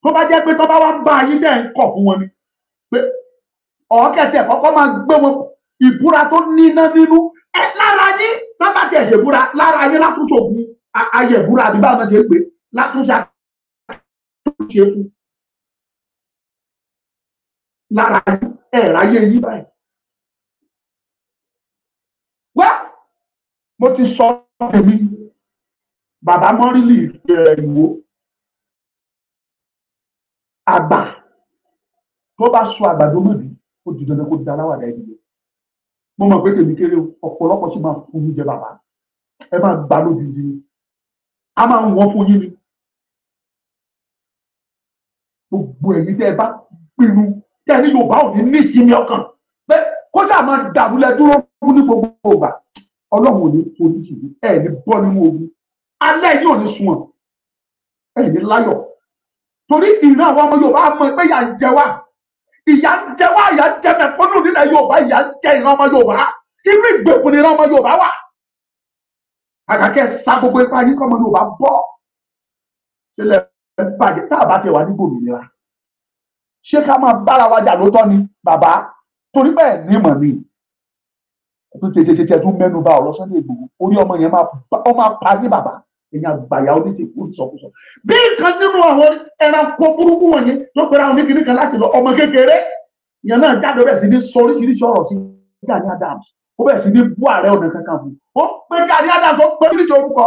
tó bá jẹ́ pé tó bá wá bá yín dẹ̀ ń kọ̀ fún wọn ni pé ọ̀ọ́kẹ́tì ẹ̀ kọ́kọ́ máa gbé wọn ìbúra tó níná nínú ẹ lára yín lábàá tẹ̀ ṣe búra lára yín látúnṣe òògùn ayẹ̀ búra àbí báwọn ṣe ń pè látúnṣe àtúnṣe fún lára ẹ̀ ráyé yín báyìí. mo ti sọ ọ́ tèmi bàbá mọ́rìlì eh, ìwò àgbà tó bá sọ àgbàdo mọ̀bí ó di dandan kó da aláwàdà ẹni lọ mo mọ̀ pé tèmi kéré ọ̀pọ̀lọpọ̀ sì máa fún mi jẹ bàbá ẹ máa gbà lódìdí ni a máa ń wọ́n fún yín ni gbogbo ẹ̀yin tẹ́ ẹ bá pinnu tẹ́ ẹ ní Yorùbá ò ní nísìnyí ọkàn pé kó sáà máa dàbúlẹ̀ dúró fún ní gbogbo ìgbà Ọlọ́run ò ní forí jì ní ẹ̀ ní bọ́ nínú ogun alẹ́ yìí ò ní sunwọ̀n ẹ̀yìn ní láyọ̀ torí ìran àwọn ọmọ Yorùbá mọ̀ pé ìyà ń jẹ wá ìyà ń jẹ wá ìyà ń jẹ mẹ̀kúnnù nílẹ̀ Yorùbá ìyà ń jẹ ìran ọmọ Yorùbá irú ìgbèkùn ìran ọmọ Yorùbá wà àkàkẹ́ sa gbogbo ipa yín kọ́ ọmọ Yorùbá bọ́ sílẹ̀ bàjẹ́ tá a bá tẹ̀ wá ní gbòmìnira ṣé ká máa bára wa jà lóòótọ́ ni bàbá torí bẹ́ẹ̀ ní mọ̀ mi tó tètè tètè tún mẹ́nu bà ọ̀rọ̀ Sunday Igboho orí ọmọ yẹn máa pa ní bàbá èyàn àgbàyà oníṣègùn olùsọkúsọ bí nǹkan nínú àwọn ẹranko burúkú wọ̀nyí tó pera àwọn oníkìní kan láti lọ ọmọ kékeré ìyẹn náà jáde bẹ́ẹ̀ sì ní sọ oríṣiríṣi ọ̀rọ̀ sí Gani Adams ó bẹ́ẹ̀ sì ní bú ààrẹ ọ̀nà kankan fún ó pé Gani Adams ó pé oríṣiríṣi orúkọ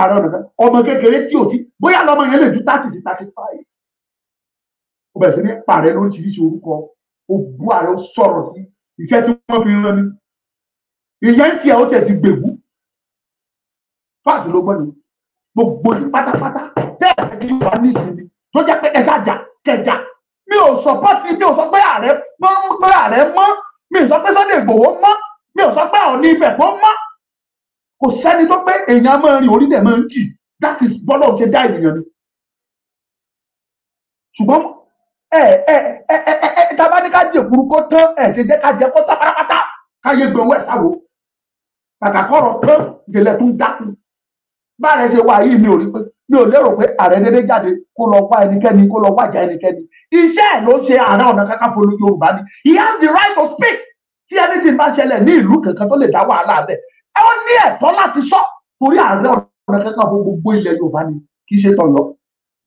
ààrẹ ọ̀nà kan ọmọ kékeré tí ò ti bóyá lọmọ yẹn lè ju thirty sí thirty five ó bẹ́ẹ̀ sì ní pààrẹ lóríṣiríṣi orúkọ ó bú ààrẹ ó sọ̀rọ̀ sí iṣẹ́ tí wọ́n fi rán ni ìyẹn tiẹ̀ ó tiẹ̀ ti gbègbú fáàsì ló gbọ́dọ̀ gbogbo yìí pátápátá tẹ́ẹ̀rẹ́ ni wà ní ìsinmi tó jẹ́ pé ẹja jà kẹjà mi ò sọ pọ́tì mi ò sọ pé ààrẹ mọ́ pé ààrẹ mọ́ mi ò sọ pé Sunday Igboho mọ́ mi ò sọ pé àwọn ní ibẹ̀ mọ́ mọ́ kò sẹ́ni tó pé èèyàn máa rìn orílẹ̀ máa ń jì that is bọ́lọ̀ ṣe dá ènìyàn ni ṣùgbọ́n ẹ ẹ ẹ ẹ ẹ tábà ní ká jẹ kúrú kó tán ẹ ṣe jẹ ká jẹ kó tán pátápátá ká yé gbẹwẹ sáwọ kàkà kọrọ tán ìdílé tó ń dákun báàrẹ ṣe wà yìí mi ò rí pé mi ò lérò pé ààrẹ dédé jáde kó lọ wá ẹnikẹ́ni kó lọ wájà ẹnikẹ́ni iṣẹ́ ẹ̀ ló ṣe ààrẹ ọ̀nà kakanfò yorùbá ni he has the right to speak tí ẹni tí bá ṣẹlẹ̀ ní ìlú kankan tó lè dá wàhálà bẹ̀ ẹ ó ní ẹ̀tọ́ láti sọ torí ààrẹ ọ̀nà kakanfò gbogbo ilẹ̀ yorùbá ni kì í ṣe tọ̀yọ̀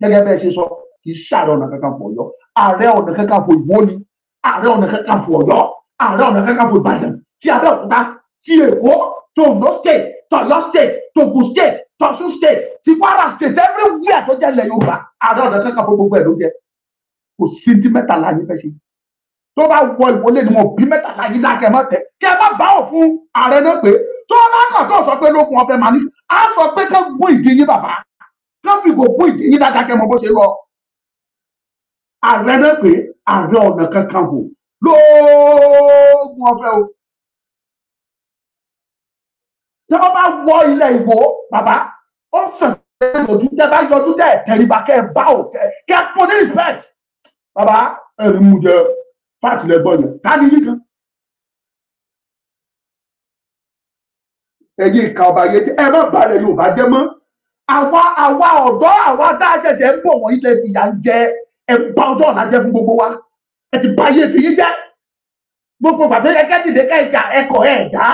gẹ́gẹ́ bẹ́ẹ̀ ṣe sọ kì í ṣààrẹ ọ̀nà kakanfò ọ̀yọ́ ààrẹ ọ̀nà kakanfò ìwó ni ààrẹ ọ̀nà kakanfò ọ̀yọ́ ààrẹ ọ̀nà kakanfò ìbàdàn ti abẹ́òkúta ti èkó tó ondo state tọ̀yọ́ state togun state tọ̀sùn state ti kwara state everywhere tó jẹ́ ilẹ̀ yorùbá àárọ̀ ọ̀dọ̀ kankan fún gbogbo ẹ̀ ló jẹ́ kò sí ní mẹ́tàlá yín fẹ́ ṣe tó bá wọ ìwọlé ni wọn bí mẹ́tàlá yín dákẹ́ mọ́ tẹ kí ẹ má bá wọn fún ààrẹ náà pé tó bá kàn tó sọ pé lókun ọ̀fẹ́ màá ní á sọ pé kán gún ìdí yín bàbá kán fi gò gún ìdí yín dákẹ́ mọ́ bó ṣe lọ ààrẹ náà pé ààrẹ ọ̀nà kankan wò lóògùn ọ̀fẹ́ o tí wọ́n bá wọ ilẹ̀ ìwò bàbá ó sàn lójú tẹ́ bá yọjú tẹ́ tẹríba kẹ́ ẹ bá ò kẹ́ kẹ́ ẹ fún ní respect bàbá ẹ̀rí mu jẹ fáàtì lẹ́gbọ́n yẹn ká ní yí kan. ẹ̀yin ìka ọba yẹn ẹ má balẹ̀ Yorùbá jẹ́ mọ́ àwa àwa ọ̀dọ́ àwa tá a ṣẹ̀ṣẹ̀ ń bọ̀ wọ́n ilẹ̀ ìyá ń jẹ ẹ bá ọjọ́ ọ̀la jẹ́ fún gbogbo wa ẹ ti bá ayé ti yín jẹ́ gbogbo bàbá yẹn kẹ́ dìde ká ẹ̀jà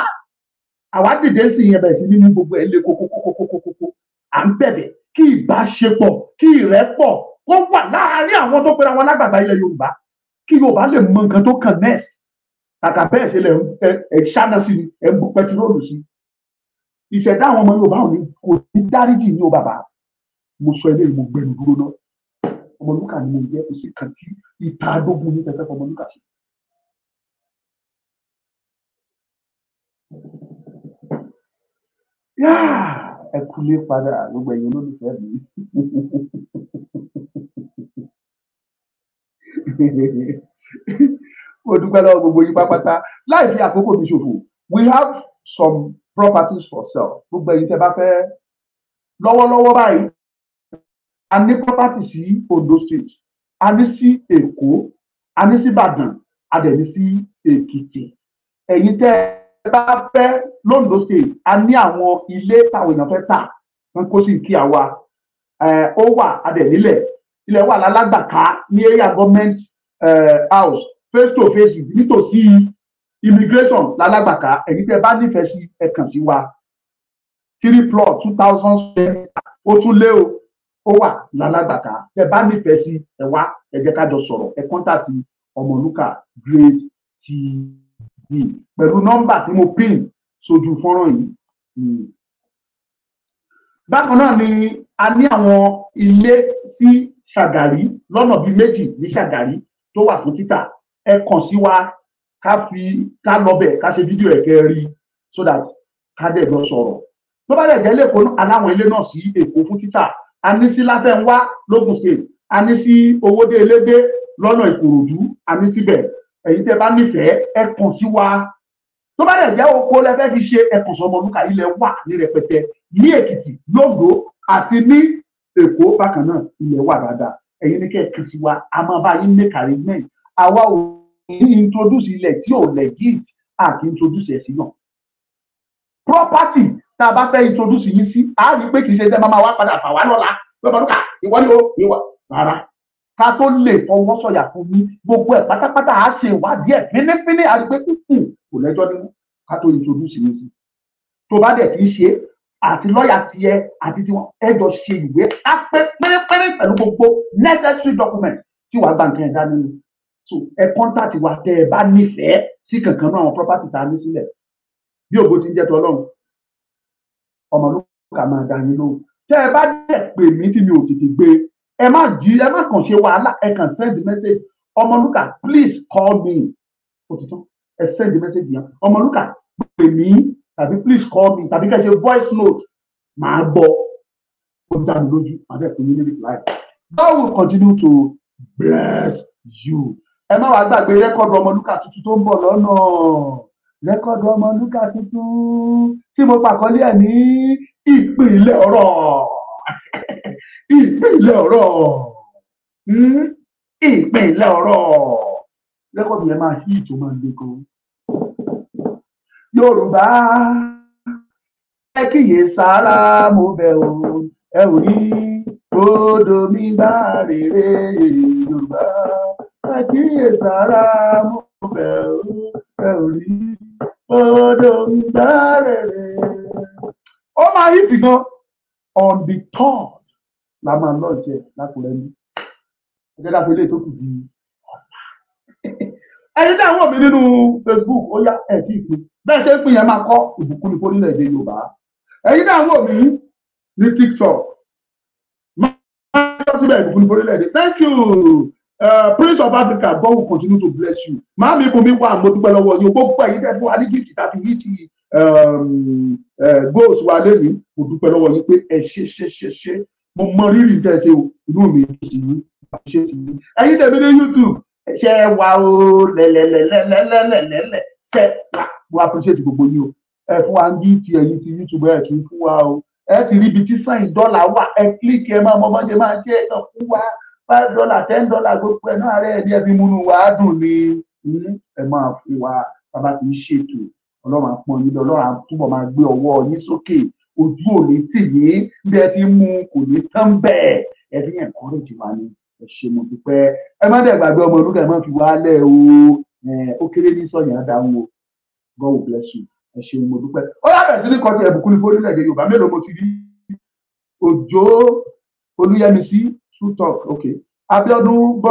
àwa dìde sí ìyẹn bẹ̀rẹ̀ sí nínú gbogbo ẹ̀ lé kókókókókókó à ń bẹ̀bẹ̀ kí ìbáṣepọ̀ kí ìrẹ́pọ̀ kó wà láàárín àwọn tó pera wọn lágbàgbà ilẹ̀ Yorùbá kí Yorùbá lè mọ nǹkan tó kàn nẹ́ẹ̀sì kàkà bẹ́ẹ̀ ṣe lẹ̀ ẹ̀ ṣáná sí ni ẹ̀ ń bu pẹtiróòlù sí ìṣẹ̀dá àwọn ọmọ Yorùbá ò ní kò ní dáríjì ní o bàbá mo sọ eléyìí mo gbẹnu dúró náà ọmọlúkà ni mo jẹ kò sí kan ẹ kúlé padà gbogbo ẹ̀yin olólùfẹ́ mi mo dúpẹ́ lọ́wọ́ gbogbo yín pápátá láì fi àkókò mi ṣòfò we have some properties for sale gbogbo ẹ̀yin tẹ́ bá fẹ́ lọ́wọ́lọ́wọ́ báyìí a ní properties sí Ondo State a ní sí Èkó a ní sí Ìbàdàn a dẹ̀ ní sí Èkìtì ẹ̀yin tẹ́ ẹ bá fẹ́ londo state a ní àwọn ilé táwọn èèyàn fẹ́ tà wọn kó sì kí àwa ó wà adẹ̀ nílẹ̀ ilẹ̀ wà lálágbàká ní area government house face to face nítòsí immigration lálágbàká èyí tẹ́ bá nífẹ̀ẹ́ sí ẹ kàn sí wa three plot two thousand square ó tún lé o ó wà lálágbàká tẹ́ bá nífẹ̀ẹ́ sí ẹ wá ẹ jẹ́ ká jọ sọ̀rọ̀ ẹ kọ́ńtà ọmọlúkà great tea yìí pẹ̀lú nọ́mbà tí mo pín sójú fọ́nrán yìí. Hmm. bákan náà ni a ní àwọn ilé sí ṣàgàrí lọ́nà bíi méjì ní ṣàgàrí tó wà fún títà ẹ kàn sí wa ká fi ká lọbẹ̀ ká ṣe fídíò ẹ̀kẹ́ rí so that ká dẹ̀ lọ sọ̀rọ̀ tó bá dẹ̀ jẹ́ lẹ́kọ̀ọ́ aláwọn ilé náà sí èkó fún títà a ní sí láfẹ́nwá lógùn state a ní sí owódé elégbé lọ́nà ìkòròdú a ní síbẹ̀ èyí tẹ́ bá nífẹ̀ẹ́ ẹ kàn sí wa tó bá dẹ̀ jẹ́ oko lẹ fẹ́ fi ṣe ẹkùn sọmọlúkà ilẹ̀ wà ní rẹpẹtẹ ní èkìtì lóńdó àti ní èkó bákan náà ilẹ̀ wà dáadáa ẹ̀yin ní kẹ́ẹ̀kan sí wa a máa bá yín make arrangement àwa ò ní introduce ilẹ̀ tí ò legit a kì í introduce ẹ̀ sí náà property tá a bá fẹ́ introduce yín sí a rí i pé kì í ṣe tẹ́ máa wá padà fà wá lọ́la lọ́mọlúkà ìwọ ni ó ìwọ rárá ká tó lè fọwọ́ sọ̀yà fún mi gbogbo ẹ̀ pátápátá á ṣe ìwádìí ẹ̀ fínífíní àdúgbò kúkú kò lẹ́jọ́ nínú ká tó introduce mi sí tó bá dẹ̀ kì í ṣe àti lọ́ọ̀yà tiẹ̀ àti tiwọn ẹ jọ ṣe ìwé á pé pérépéré pẹ̀lú gbogbo necessary document tí wàá gba nǹkan ẹ̀ dání ni so ẹ contact wa tẹ ẹ bá nífẹ̀ẹ́ sí kankan náà àwọn property tá a ní sílẹ̀ bí ògo ti ń jẹ́ tọ́lọ́run ọmọ ló kà máa dání lóhùn tẹ ẹ bá dẹ̀ pè mí tí mi ò tètè gbé ẹ má ju ẹ má kàn ṣe wàhálà ẹ kàn send message ọmọlúkà please call me òtítọ́ ẹ send message yẹn ọmọlúkà pè mí tàbí please call me tàbí kẹ́ ṣe voice note màá gbọ́ ó dá mi lójú màá dẹ̀ fún yín ní reply God will continue to bless you ẹ má wàá gbàgbé rẹ́kọ̀dù ọmọlúkà tuntun tó ń bọ̀ lọ́nà rẹ́kọ̀dù ọmọlúkà tuntun tí mo pàkọ́lé ẹ̀ ní ìpínlẹ̀ ọ̀rọ̀ ìpínlẹ̀ ọ̀rọ̀ hmm? ìpínlẹ̀ ọ̀rọ̀ rẹ́kọ̀dù yẹn máa hí ìtò máa ń gbé kan. Yorùbá ẹ kíyè sára mo bẹ̀ o ẹ ò ní odò mi bá rèrè Yorùbá ẹ kíyè sára mo bẹ̀ o ẹ ò ní odò mi bá rèrè. Ó máa hí ti gan on the top la máa lọ́ọ̀jì ẹ̀ lákùrẹ́ ní ẹgbẹ́ dàpọ̀ ilé tó kù di ẹni tí àwọn mi nínú Facebook ó yá ẹ̀ tí ì pin bẹ́ẹ̀ ṣe ń pin yẹn máa kọ́ ìbùkún ní fónílẹ̀ èdè Yorùbá ẹ̀yin tí àwọn mi ní TikTok máa lọ síbẹ̀ ìbùkún ní fónílẹ̀ èdè thank you uh, Prince of Africa God will continue to bless you màá mi kò mi wà mo dúpẹ́ lọ́wọ́ yín o gbogbo ẹ̀yin tẹ́ fún adigunjì tàbí yìí ti goals wa lẹ́yìn mo dúpẹ́ lọ́wọ́ yín pé ẹ ṣe ṣe ṣe ṣe mo mọ rírì tẹ́ ṣe inú mi sì ní àṣẹ sì ní ẹ̀yin tẹ̀mí ní youtube ṣe é wa o lẹ́lẹ́lẹ́lẹ́lẹ́lẹ́lẹ́ ṣe pa mo appreciate gbogbo yín o ẹ fún wa ń bí ti ẹ̀yin ti youtube ẹ kì í fún wa o ẹ ti ríbi tí sáìn dọ́là wà ẹ kílíkì ẹ máa mọ ọmọdé máa é ẹ fún wa five dollar ten dollar gbogbo ẹ náà rẹ ẹbí ẹbí múnú wa á dùn ní hmm, ẹ máa fún wa bàbá ti ń ṣètò ọlọ́run àpọ́n yín lọ́run àtúbọ̀ máa gbé ọwọ́ yín sókè ojú ò ní tì yín bí ẹ ti mú kò ní tán bẹ́ẹ̀ ẹ fi yẹn kọ́ lójú wa ni ẹ ṣe mo dúpẹ́ ẹ má dẹ̀ gbàgbé ọmọ olúkà ẹ má fi wá lẹ̀ o ó kéré ní sọ̀yìn dáhùn o God will bless you ẹ ṣe mo dúpẹ́ ó yàtọ̀ sí ní kọ́tí ẹ̀bùkún ní fún orílẹ̀-èdè Yorùbá mélòó mo ti rí Òjó Olúyẹmisí true talk okay Abíọ́dún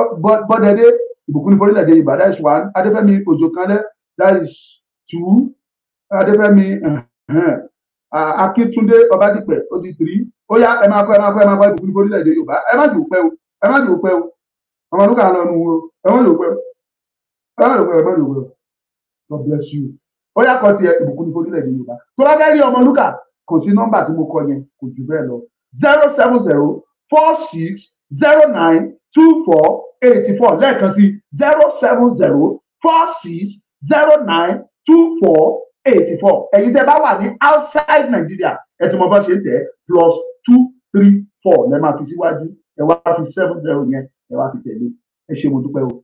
Bọ́dẹ̀dé ìbùkún ní fún orílẹ̀-èdè Yorùbá that is one Adéfẹ́mi Òjò Kanlẹ̀ that is two Adéfẹ́mi akíntúndé ọbádìpẹ̀ ó di ó yá ẹ máa kọ́ ẹ máa kọ́ ẹ máa kọ́ ìbùkún níbo nílẹ̀ yorùbá ẹ má dùn pẹ́ o ẹ má dùn pẹ́ o ọmọ ọdún kan lọ nu wo ẹ má dùn pẹ́ o ẹ má dùn pẹ́ o ẹ má dùn pẹ́ o God bless you ó yá kọ́ tiẹ̀ ìbùkún níbo nílẹ̀ èdè yorùbá tó bá fẹ́ rí ọmọ ọdún kan kò sí nọ́mbà tí mo kọ yẹn kò jù bẹ́ẹ̀ lọ zero seven zero four six zero nine two four eighty four lẹ́ẹ̀kan sí zero seven zero four six zero nine two four eighty four ẹ̀yin tẹ́ bá wà ní outside Nigeria ẹ ti mọ bá ṣe ń plus two three four lẹ́ẹ̀ máa fi síwájú ẹ wá fi seven zero yẹn ẹ wá fi tẹ̀lé ẹ ṣé mo dúpẹ́ o.